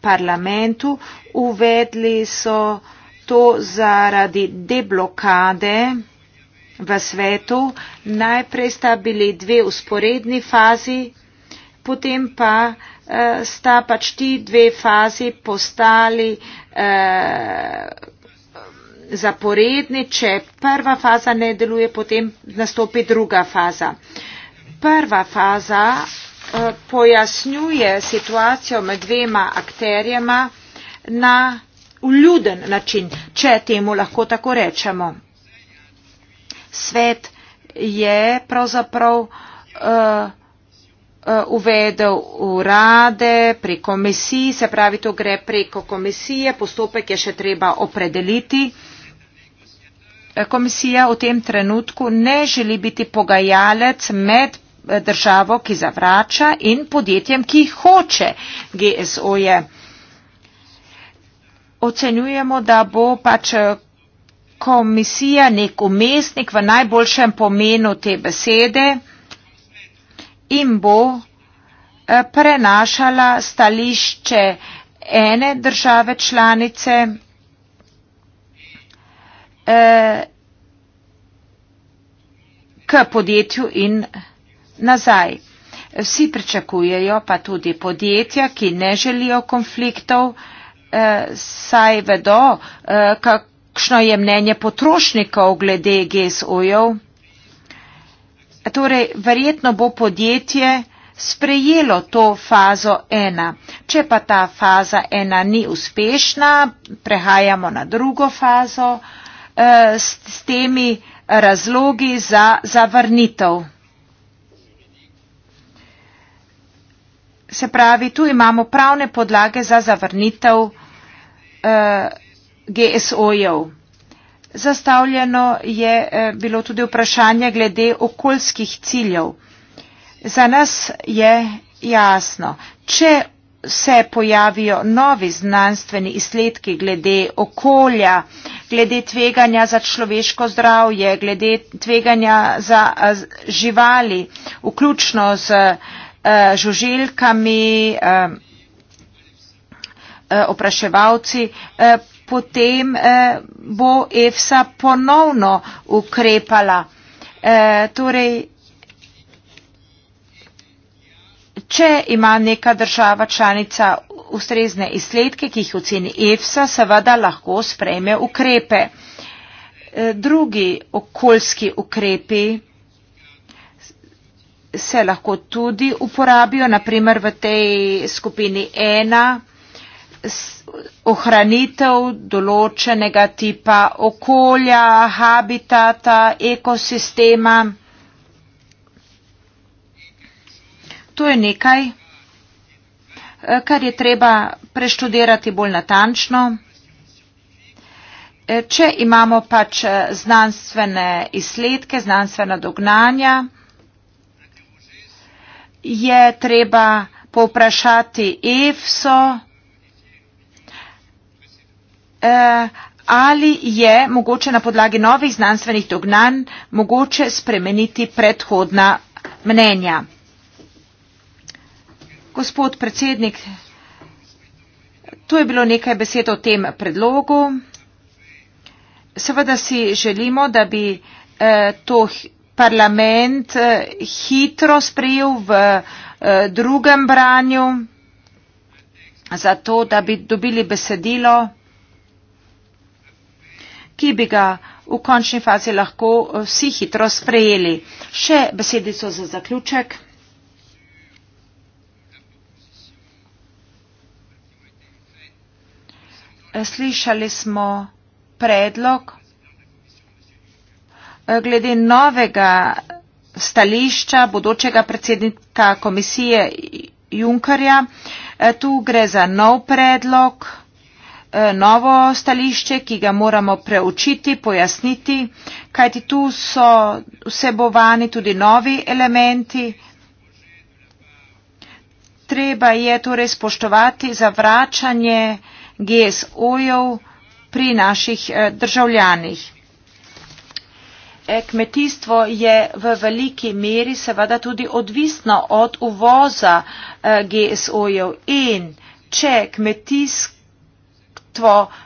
parlamentu. Uvedli so to zaradi deblokade v svetu. Najprej sta bili dve usporedni fazi, potem pa eh, sta pač ti dve fazi postali eh, zaporedni, če prva faza ne deluje, potem nastopi druga faza. Prva faza eh, pojasnjuje situacijo med dvema akterjema na uljuden način, če temu lahko tako rečemo. Svet je pravzaprav eh, eh, uvedel urade pri komisiji, se pravi, to gre preko komisije, postopek je še treba opredeliti komisija v tem trenutku ne želi biti pogajalec med eh, državo, ki zavrača in podjetjem, ki hoče GSO-je. Ocenjujemo, da bo pač eh, komisija nek umestnik v najboljšem pomenu te besede in bo eh, prenašala stališče ene države članice k podjetju in nazaj. Vsi pričakujejo, pa tudi podjetja, ki ne želijo konfliktov, eh, saj vedo, eh, kakšno je mnenje potrošnikov glede GSO-jev. Torej, verjetno bo podjetje sprejelo to fazo ena. Če pa ta faza ena ni uspešna, prehajamo na drugo fazo. Uh, Eh, s, s temi razlogi za zavrnitev. Se pravi, tu imamo pravne podlage za zavrnitev eh, GSO-jev. Zastavljeno je eh, bilo tudi vprašanje glede okoljskih ciljev. Za nas je jasno, če se pojavijo novi znanstveni izsledki glede okolja, glede tveganja za človeško zdravje, glede tveganja za živali, vključno z žuželjkami, opraševalci, potem bo EFSA ponovno ukrepala. Torej, Če ima neka država članica ustrezne izsledke, ki jih oceni EFSA, seveda lahko sprejme ukrepe. E, drugi okoljski ukrepi se lahko tudi uporabijo, naprimer v tej skupini ena ohranitev določenega tipa okolja, habitata, ekosistema. to je nekaj, eh, kar je treba preštudirati bolj natančno. Eh, če imamo pač eh, znanstvene izsledke, znanstvena dognanja, je treba povprašati EFSO, ali je mogoče na podlagi novih znanstvenih dognanj mogoče spremeniti predhodna mnenja. Gospod predsednik, to je bilo nekaj besed o tem predlogu. Seveda si želimo, da bi eh, to parlament eh, hitro sprejel v eh, drugem branju, zato da bi dobili besedilo, ki bi ga v končni fazi lahko vsi hitro sprejeli. Še besedico za zaključek. slišali smo predlog eh, glede novega stališča bodočega predsednika komisije Junkarja. Eh, tu gre za nov predlog, eh, novo stališče, ki ga moramo preučiti, pojasniti, kajti tu so vsebovani tudi novi elementi. Treba je torej spoštovati zavračanje eh, GSO-jev pri naših eh, državljanih. Eh, kmetijstvo je v veliki meri seveda tudi odvisno od uvoza eh, GSO-jev in če kmetijstvo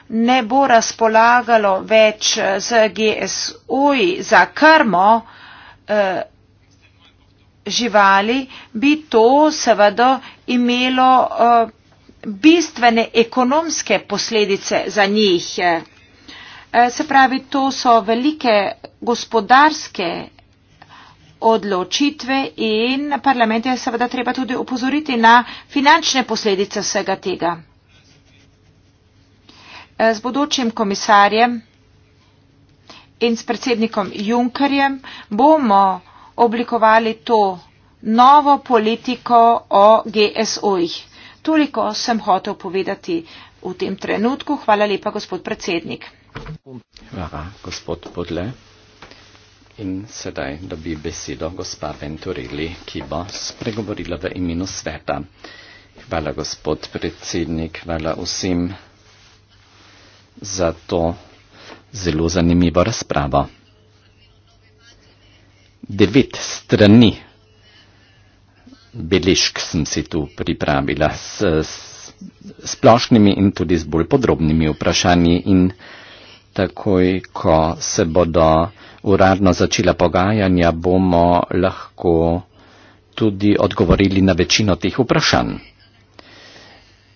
ne bo razpolagalo več z GSO-ji za krmo živali, bi to seveda imelo bistvene ekonomske posledice za njih. E, e, se pravi, to so velike gospodarske odločitve in parlament je seveda treba tudi upozoriti na finančne posledice vsega tega. E, z bodočim komisarjem in s predsednikom Junkerjem bomo oblikovali to novo politiko o GSO-jih. Toliko sem hotel povedati v tem trenutku. Hvala lepa, gospod predsednik. Hvala, gospod Podle. In sedaj dobi besedo gospa Venturelli, ki bo spregovorila v imenu sveta. Hvala, gospod predsednik, hvala vsem za to zelo zanimivo razpravo. Devet strani beležk sem si tu pripravila s, s splošnimi in tudi z bolj podrobnimi vprašanji in takoj, ko se bodo uradno začela pogajanja, bomo lahko tudi odgovorili na večino teh vprašanj.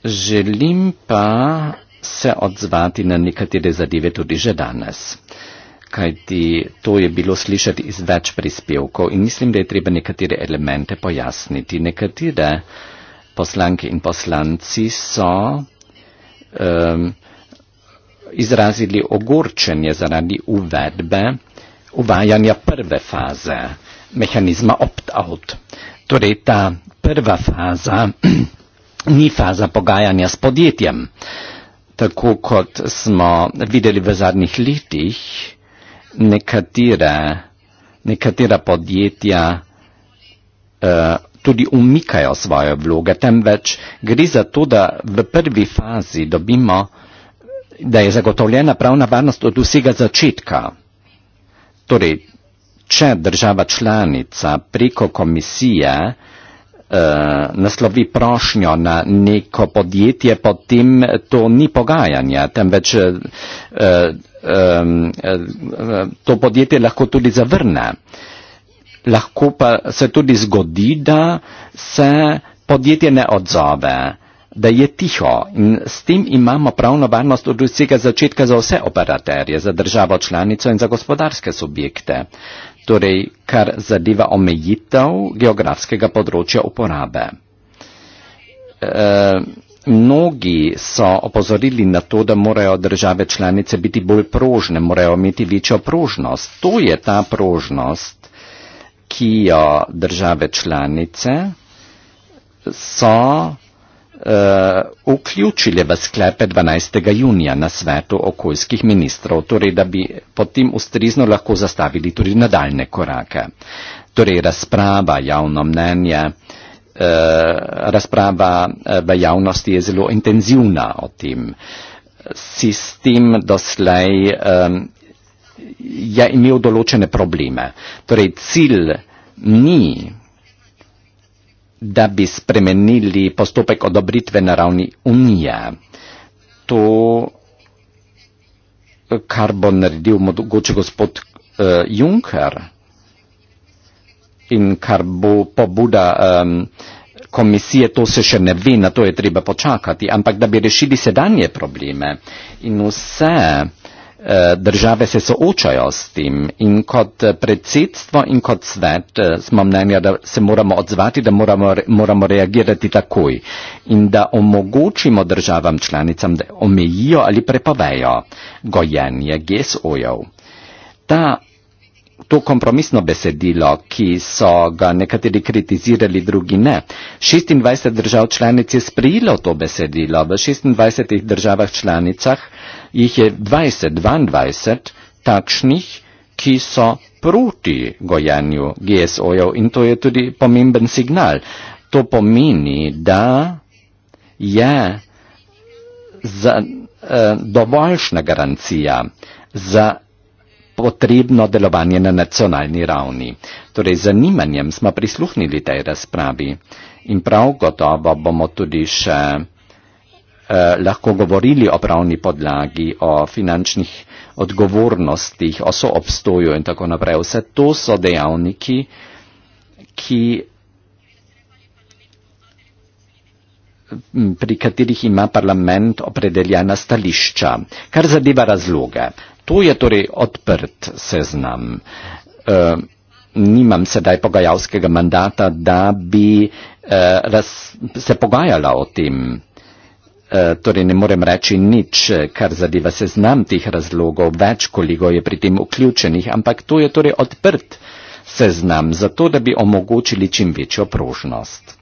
Želim pa se odzvati na nekatere zadeve tudi že danes. Uh, kajti to je bilo slišati iz več prispevkov in mislim, da je treba nekatere elemente pojasniti. Nekatere poslanke in poslanci so um, izrazili ogorčenje zaradi uvedbe, uvajanja prve faze mehanizma opt-out. Torej ta prva faza ni faza pogajanja s podjetjem. Tako kot smo videli v zadnjih letih, nekatera, nekatera podjetja eh, tudi umikajo svojo vlogo, temveč gre za to, da v prvi fazi dobimo, da je zagotovljena pravna varnost od vsega začetka. Torej, če država članica preko komisije eh, Eh, naslovi prošnjo na neko podjetje, potem to ni pogajanje, temveč eh, eh, to podjetje lahko tudi zavrne. Lahko pa se tudi zgodi, da se podjetje ne odzove, da je tiho in s tem imamo pravno varnost od vsega začetka za vse operaterje, za državo članico in za gospodarske subjekte torej kar zadeva omejitev geografskega področja uporabe. E, mnogi so opozorili na to, da morajo države članice biti bolj prožne, morajo imeti večjo prožnost. To je ta prožnost, ki jo države članice so uh, eh, vključili v sklepe 12. junija na svetu okoljskih ministrov, torej da bi potem ustrizno lahko zastavili tudi nadaljne korake. Torej razprava, javno mnenje, uh, razprava eh, v javnosti je zelo intenzivna o tem. Sistem doslej um, je imel določene probleme. Torej cilj ni da bi spremenili postopek odobritve na ravni Unije. To, kar bo naredil mogoče gospod uh, Juncker in kar bo pobuda um, komisije, to se še ne ve, na to je treba počakati, ampak da bi rešili sedanje probleme in vse, Eh, države se soočajo s tem in kot eh, predsedstvo in kot svet eh, smo mnenja, da se moramo odzvati, da moramo, moramo reagirati takoj in da omogočimo državam članicam, da omejijo ali prepovejo gojenje GSO-jev. Ta to kompromisno besedilo, ki so ga nekateri kritizirali, drugi ne. 26 držav članic je sprejelo to besedilo, v 26 državah članicah jih je 20, 22 takšnih, ki so proti gojanju GSO-jev in to je tudi pomemben signal. To pomeni, da je za, eh, dovoljšna garancija za potrebno delovanje na nacionalni ravni. Torej zanimanjem smo prisluhnili tej razpravi in prav gotovo bomo tudi še eh, lahko govorili o pravni podlagi, o finančnih odgovornostih, o soobstoju in tako naprej. Vse to so dejavniki, ki pri katerih ima parlament opredeljena stališča. Kar zadeva razloge, Tu je torej odprt seznam. E, nimam sedaj pogajalskega mandata, da bi e, raz, se pogajala o tem. E, torej ne morem reči nič, kar zadeva seznam tih razlogov, več koliko je pri tem vključenih, ampak tu je torej odprt seznam, zato da bi omogočili čim večjo prožnost.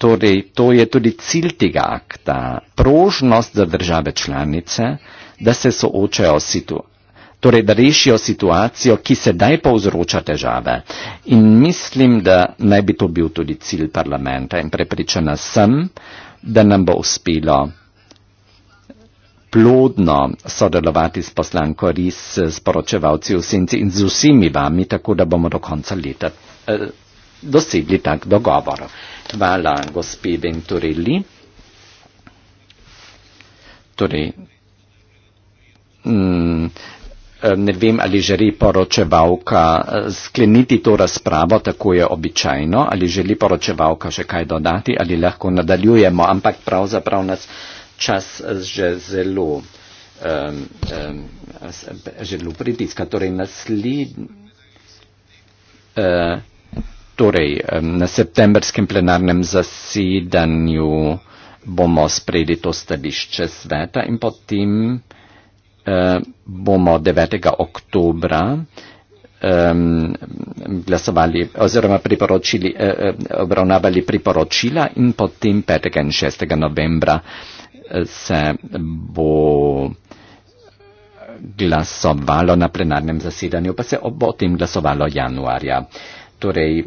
Torej, to je tudi cilj tega akta. Prožnost za države članice, da se soočajo s situ. Torej, da rešijo situacijo, ki sedaj povzroča težave. In mislim, da naj bi to bil tudi cilj parlamenta in prepričana sem, da nam bo uspelo plodno sodelovati s poslanko RIS, s poročevalci v Senci in z vsemi vami, tako da bomo do konca leta eh, dosegli tak dogovor. Hvala, gospe Venturelli. Torej, Mm, ne vem, ali želi poročevalka eh, skleniti to razpravo, tako je običajno, ali želi poročevalka še kaj dodati, ali lahko nadaljujemo, ampak pravzaprav nas čas eh, že zelo, um, um, zelo pritiska. Torej, naslednji. Uh, torej, um, na septembrskem plenarnem zasedanju bomo sprejeli to stališče sveta in potem. Eh, bomo 9. oktobra glasovali oziroma priporočili, eh, eh, obravnavali priporočila in potem 5. in 6. novembra se bo glasovalo na plenarnem zasedanju, pa se bo o tem glasovalo januarja. Torej,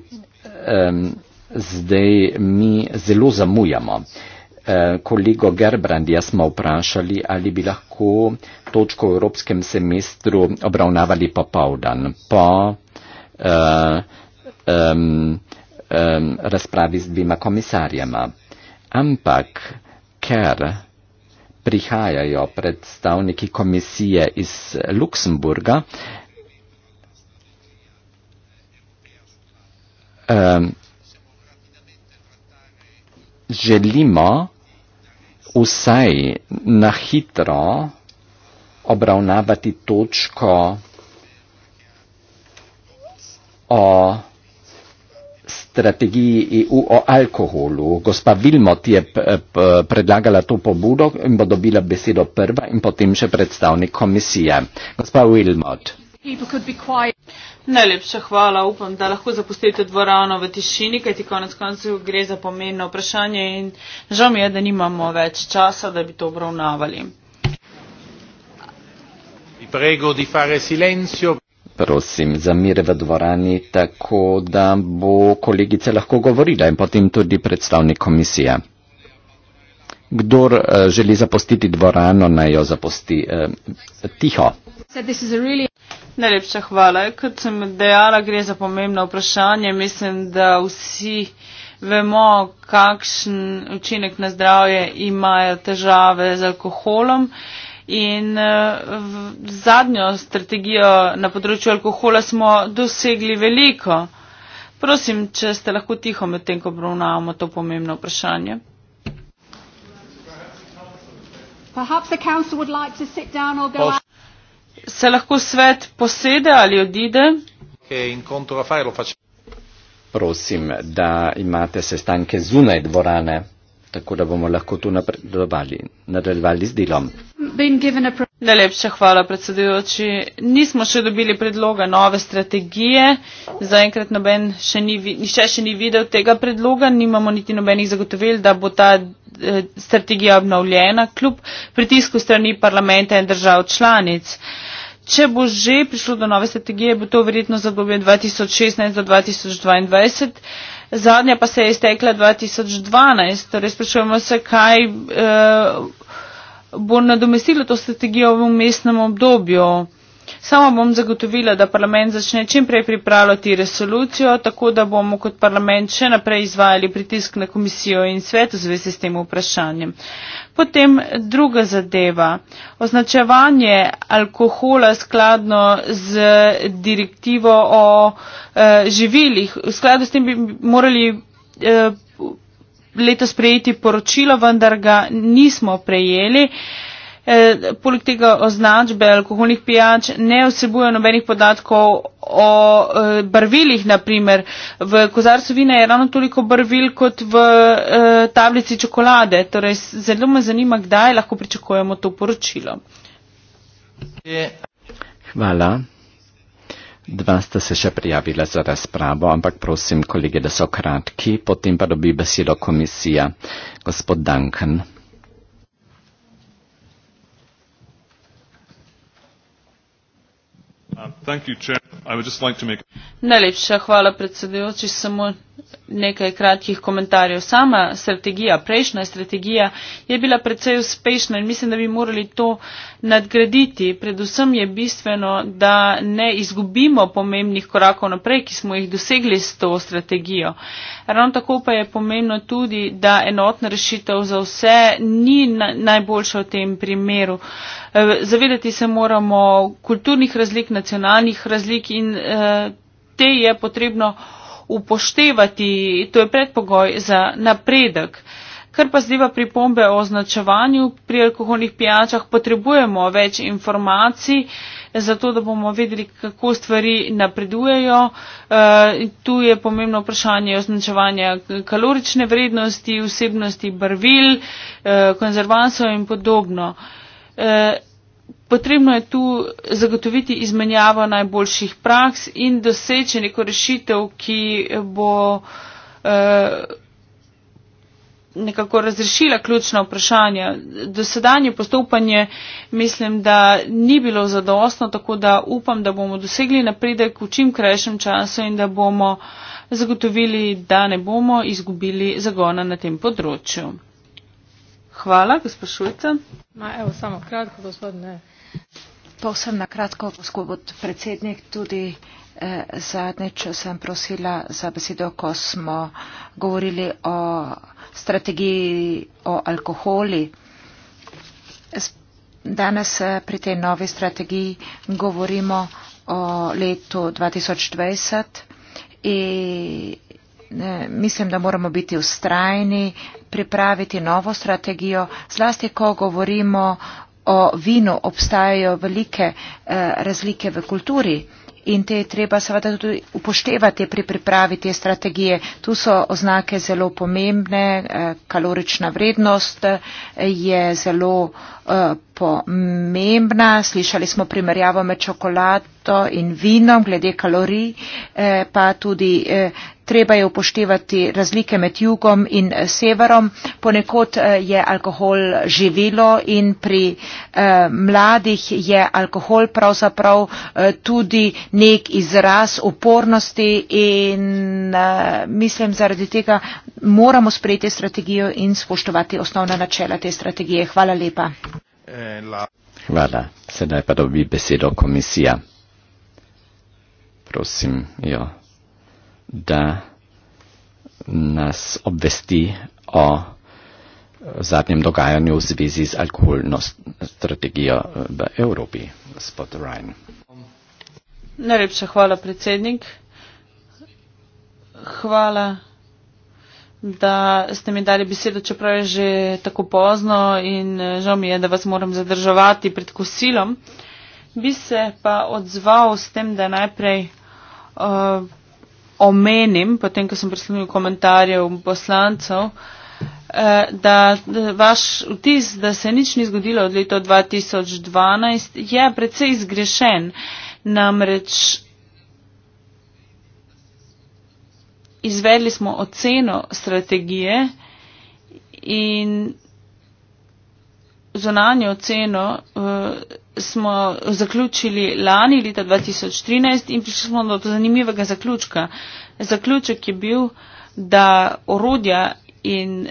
zdaj mi zelo zamujamo. Eh, kolego Gerbrandija smo vprašali, ali bi lahko točko v evropskem semestru obravnavali popovdan po eh, eh, eh, razpravi z dvima komisarjama. Ampak, ker prihajajo predstavniki komisije iz Luksemburga, eh, želimo, vsaj na hitro obravnavati točko o strategiji EU o alkoholu. Gospa Vilmot je eh, predlagala to pobudo in bo dobila besedo prva in potem še predstavnik komisije. Gospa Vilmot. Najlepša hvala. Upam, da lahko zapustite dvorano v tišini, kajti konec koncev gre za pomembno vprašanje in žal mi je, da nimamo več časa, da bi to obravnavali. Prosim za mir v dvorani, tako da bo kolegica lahko govorila in potem tudi predstavnik komisije. Kdor eh, želi zapustiti dvorano, naj jo zapusti eh, tiho. Najlepša hvala. Kot sem dejala, gre za pomembno vprašanje. Mislim, da vsi vemo, kakšen učinek na zdravje imajo težave z alkoholom. In z eh, zadnjo strategijo na področju alkohola smo dosegli veliko. Prosim, če ste lahko tiho med tem, ko obravnavamo to pomembno vprašanje. Se lahko svet posede ali odide? Prosim, da imate sestanke zunaj dvorane, tako da bomo lahko tu nadaljevali z delom. Najlepša hvala, predsedujoči. Nismo še dobili predloga nove strategije. Zaenkrat nišče še ni videl tega predloga, nimamo niti nobenih zagotovil, da bo ta Eh, strategija obnovljena kljub pritisku strani parlamenta in držav članic. Če bo že prišlo do nove strategije, bo to verjetno za obdobje 2016 do 2022, zadnja pa se je iztekla 2012. Torej sprašujemo se, kaj eh, bo nadomestilo to strategijo v umestnem obdobju. Sama bom zagotovila, da parlament začne čimprej pripravljati resolucijo, tako da bomo kot parlament še naprej izvajali pritisk na komisijo in svet v zvezi s tem vprašanjem. Potem druga zadeva. Označevanje alkohola skladno z direktivo o eh, živilih. V skladu s tem bi morali eh, letos prejeti poročilo, vendar ga nismo prejeli. Eh, Eh, poleg tega označbe alkoholnih pijač ne vsebujejo nobenih podatkov o eh, barvilih, naprimer. V kozarcu vina je ravno toliko barvil kot v eh, tablici čokolade. Torej, zelo me zanima, kdaj lahko pričakujemo to poročilo. Hvala. Dva sta se še prijavila za razpravo, ampak prosim, kolege, da so kratki, potem pa dobi besedo komisija. Gospod Duncan. Um, Najlepša hvala predsedujoči samo nekaj kratkih komentarjev. Sama strategija, prejšnja strategija je bila predvsej uspešna in mislim, da bi morali to nadgraditi. Predvsem je bistveno, da ne izgubimo pomembnih korakov naprej, ki smo jih dosegli s to strategijo. Ravno tako pa je pomembno tudi, da enotna rešitev za vse ni na najboljša v tem primeru. E, zavedati se moramo kulturnih razlik, nacionalnih razlik in e, te je potrebno upoštevati, to je predpogoj za napredek. Kar pa zdiva pripombe o označevanju pri alkoholnih pijačah, potrebujemo več informacij, zato da bomo vedeli, kako stvari napredujejo. E, tu je pomembno vprašanje označevanja kalorične vrednosti, vsebnosti barvil, e, konzervansov in podobno. E, Potrebno je tu zagotoviti izmenjavo najboljših praks in doseči neko rešitev, ki bo eh, nekako razrešila ključna vprašanja. Dosedanje postopanje mislim, da ni bilo zadostno, tako da upam, da bomo dosegli napredek v čim krajšem času in da bomo zagotovili, da ne bomo izgubili zagona na tem področju. Hvala, gospod Šujca. Ma, evo, samo kratko, gospodine. Pa vsem na kratko, gospod predsednik, tudi eh, zadnje, če sem prosila za besedo, ko smo govorili o strategiji o alkoholi. Danes eh, pri tej novi strategiji govorimo o letu 2020 in ne, eh, mislim, da moramo biti ustrajni, pripraviti novo strategijo, zlasti, ko govorimo o vinu obstajajo velike eh, razlike v kulturi. In te je treba seveda tudi upoštevati pri pripravi te strategije. Tu so oznake zelo pomembne, eh, kalorična vrednost eh, je zelo pomembna. Slišali smo primerjavo med čokolado in vinom glede kalorij, pa tudi treba je upoštevati razlike med jugom in eh, severom. Ponekod eh, je alkohol živilo in pri eh, mladih je alkohol pravzaprav tudi nek izraz upornosti in mislim, zaradi tega moramo sprejeti strategijo in spoštovati osnovna načela te strategije. Hvala lepa. Hvala. Sedaj pa dobi besedo komisija. Prosim, jo da nas obvesti o zadnjem dogajanju v zvezi z alkoholno strategijo v Evropi, gospod Ryan. Najlepša hvala, predsednik. Hvala, da ste mi dali besedo, čeprav je že tako pozno in eh, žal mi je, da vas moram zadržavati pred kosilom. Bi se pa odzval s tem, da najprej uh, omenim, potem, ko sem preslumil komentarje poslancev, eh, da vaš vtis, da se nič ni zgodilo od leta 2012, je predvsej izgrešen. Namreč izvedli smo oceno strategije in zunanjo oceno uh, eh, smo zaključili lani leta 2013 in prišli smo do zanimivega zaključka. Zaključek je bil, da orodja in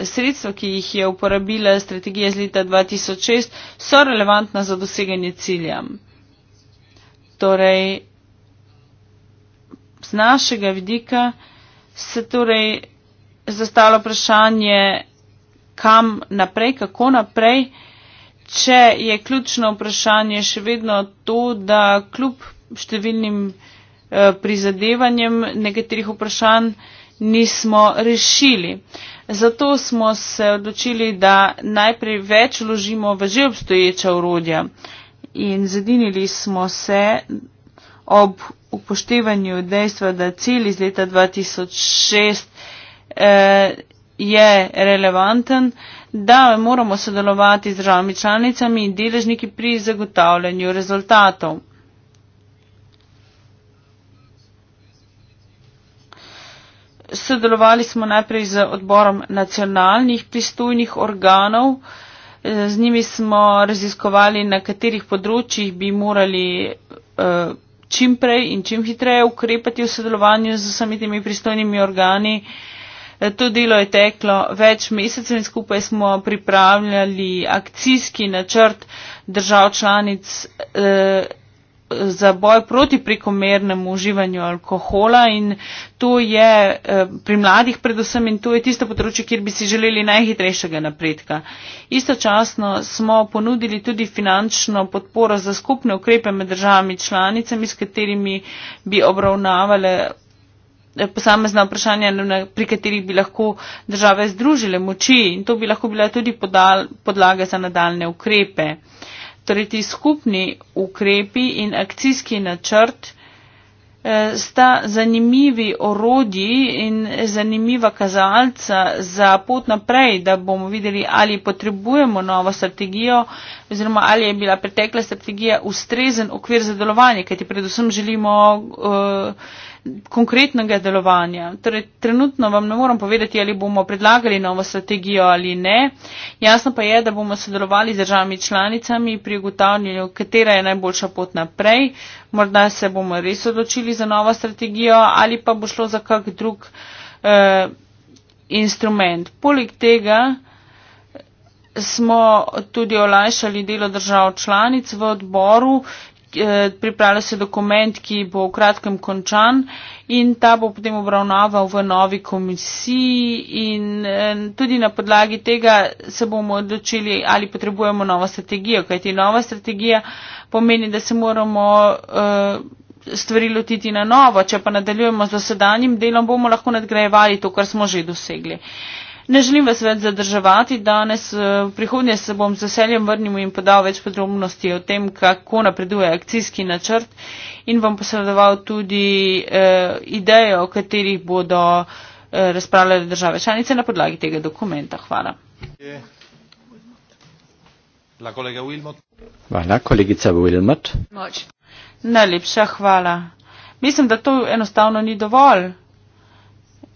sredstva, ki jih je uporabila strategija z leta 2006, so relevantna za doseganje cilja. Torej, z našega vidika se torej zastalo vprašanje, kam naprej, kako naprej, če je ključno vprašanje še vedno to, da kljub številnim eh, prizadevanjem nekaterih vprašanj nismo rešili. Zato smo se odločili, da najprej več vložimo v že obstoječa urodja in zedinili smo se ob upoštevanju dejstva, da cilj iz leta 2006 eh, je relevanten, da moramo sodelovati z državami članicami in deležniki pri zagotavljanju rezultatov. Sodelovali smo najprej z odborom nacionalnih pristojnih organov, eh, z njimi smo raziskovali, na katerih področjih bi morali eh, čim prej in čim hitreje ukrepati v sodelovanju z vsemi temi pristojnimi organi, Eh, to delo je teklo več mesecev in skupaj smo pripravljali akcijski načrt držav članic eh, za boj proti prekomernemu uživanju alkohola in to je eh, pri mladih predvsem in to je tisto področje, kjer bi si želeli najhitrejšega napredka. Istočasno smo ponudili tudi finančno podporo za skupne ukrepe med državami članicami, s katerimi bi obravnavale Eh, posamezna vprašanja, pri katerih bi lahko države združile moči in to bi lahko bila tudi podal, podlaga za nadaljne ukrepe. Torej, ti skupni ukrepi in akcijski načrt eh, sta zanimivi orodji in zanimiva kazalca za pot naprej, da bomo videli, ali potrebujemo novo strategijo oziroma ali je bila pretekla strategija ustrezen okvir za delovanje, kajti predvsem želimo uh, konkretnega delovanja. Torej, trenutno vam ne moram povedati, ali bomo predlagali novo strategijo ali ne. Jasno pa je, da bomo sodelovali z državami članicami pri ugotavljanju, katera je najboljša pot naprej. Morda se bomo res odločili za novo strategijo ali pa bo šlo za kak drug eh, instrument. Poleg tega eh, smo tudi olajšali delo držav članic v odboru, Eh, pripravlja se dokument, ki bo v kratkem končan in ta bo potem obravnaval v novi komisiji in eh, tudi na podlagi tega se bomo odločili, ali potrebujemo novo strategijo, kajti nova strategija pomeni, da se moramo eh, stvari lotiti na novo. Če pa nadaljujemo z dosedanjim delom, bomo lahko nadgrajevali to, kar smo že dosegli. Ne želim vas več zadrževati danes, eh, v prihodnje se bom z veseljem vrnil in podal več podrobnosti o tem, kako napreduje akcijski načrt in vam posredoval tudi eh, ideje, o katerih bodo eh, razpravljali države članice na podlagi tega dokumenta. Hvala. Hvala, kolegica Wilmot. Najlepša hvala. Mislim, da to enostavno ni dovolj.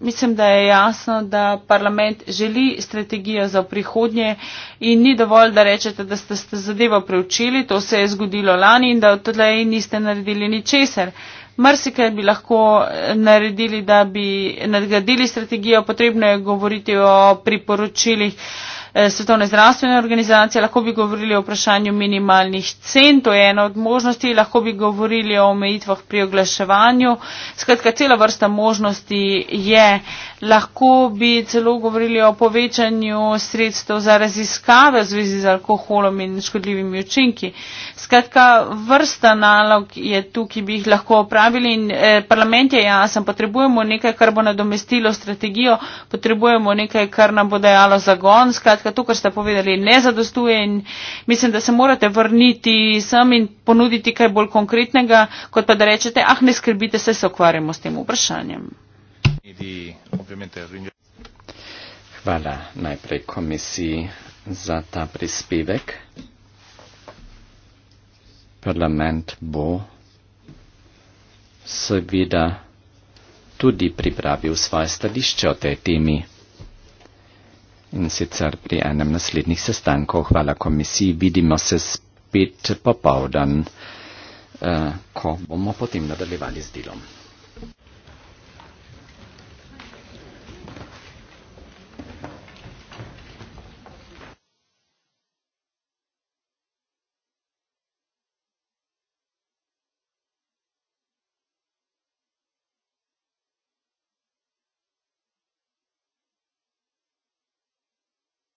Mislim, da je jasno, da parlament želi strategijo za prihodnje in ni dovolj, da rečete, da ste, ste zadevo preučili, to se je zgodilo lani in da od tega niste naredili ničesar. Mrsikaj bi lahko eh, naredili, da bi nadgradili strategijo, potrebno je govoriti o priporočilih. Uh, Eh, svetovne zdravstvene organizacije, lahko bi govorili o vprašanju minimalnih cen, to je ena od možnosti, lahko bi govorili o omejitvah pri oglaševanju. Skratka, cela vrsta možnosti je eh, lahko bi celo govorili o povečanju sredstev za raziskave v zvezi z alkoholom in škodljivimi učinki. Skratka, vrsta nalog je tu, ki bi jih lahko opravili in eh, parlament je jasen, potrebujemo nekaj, kar bo nadomestilo strategijo, potrebujemo nekaj, kar nam bo dajalo zagon. Skratka, to, kar ste povedali, ne zadostuje in mislim, da se morate vrniti sem in ponuditi kaj bolj konkretnega, kot pa da rečete, ah, ne skrbite, se se ukvarjamo s tem vprašanjem. Hvala najprej komisiji za ta prispevek. Parlament bo seveda tudi pripravil svoje stališče o tej temi in sicer pri enem naslednjih sestankov. Hvala komisiji. Vidimo se spet popovdan, eh, ko bomo potem nadaljevali z delom.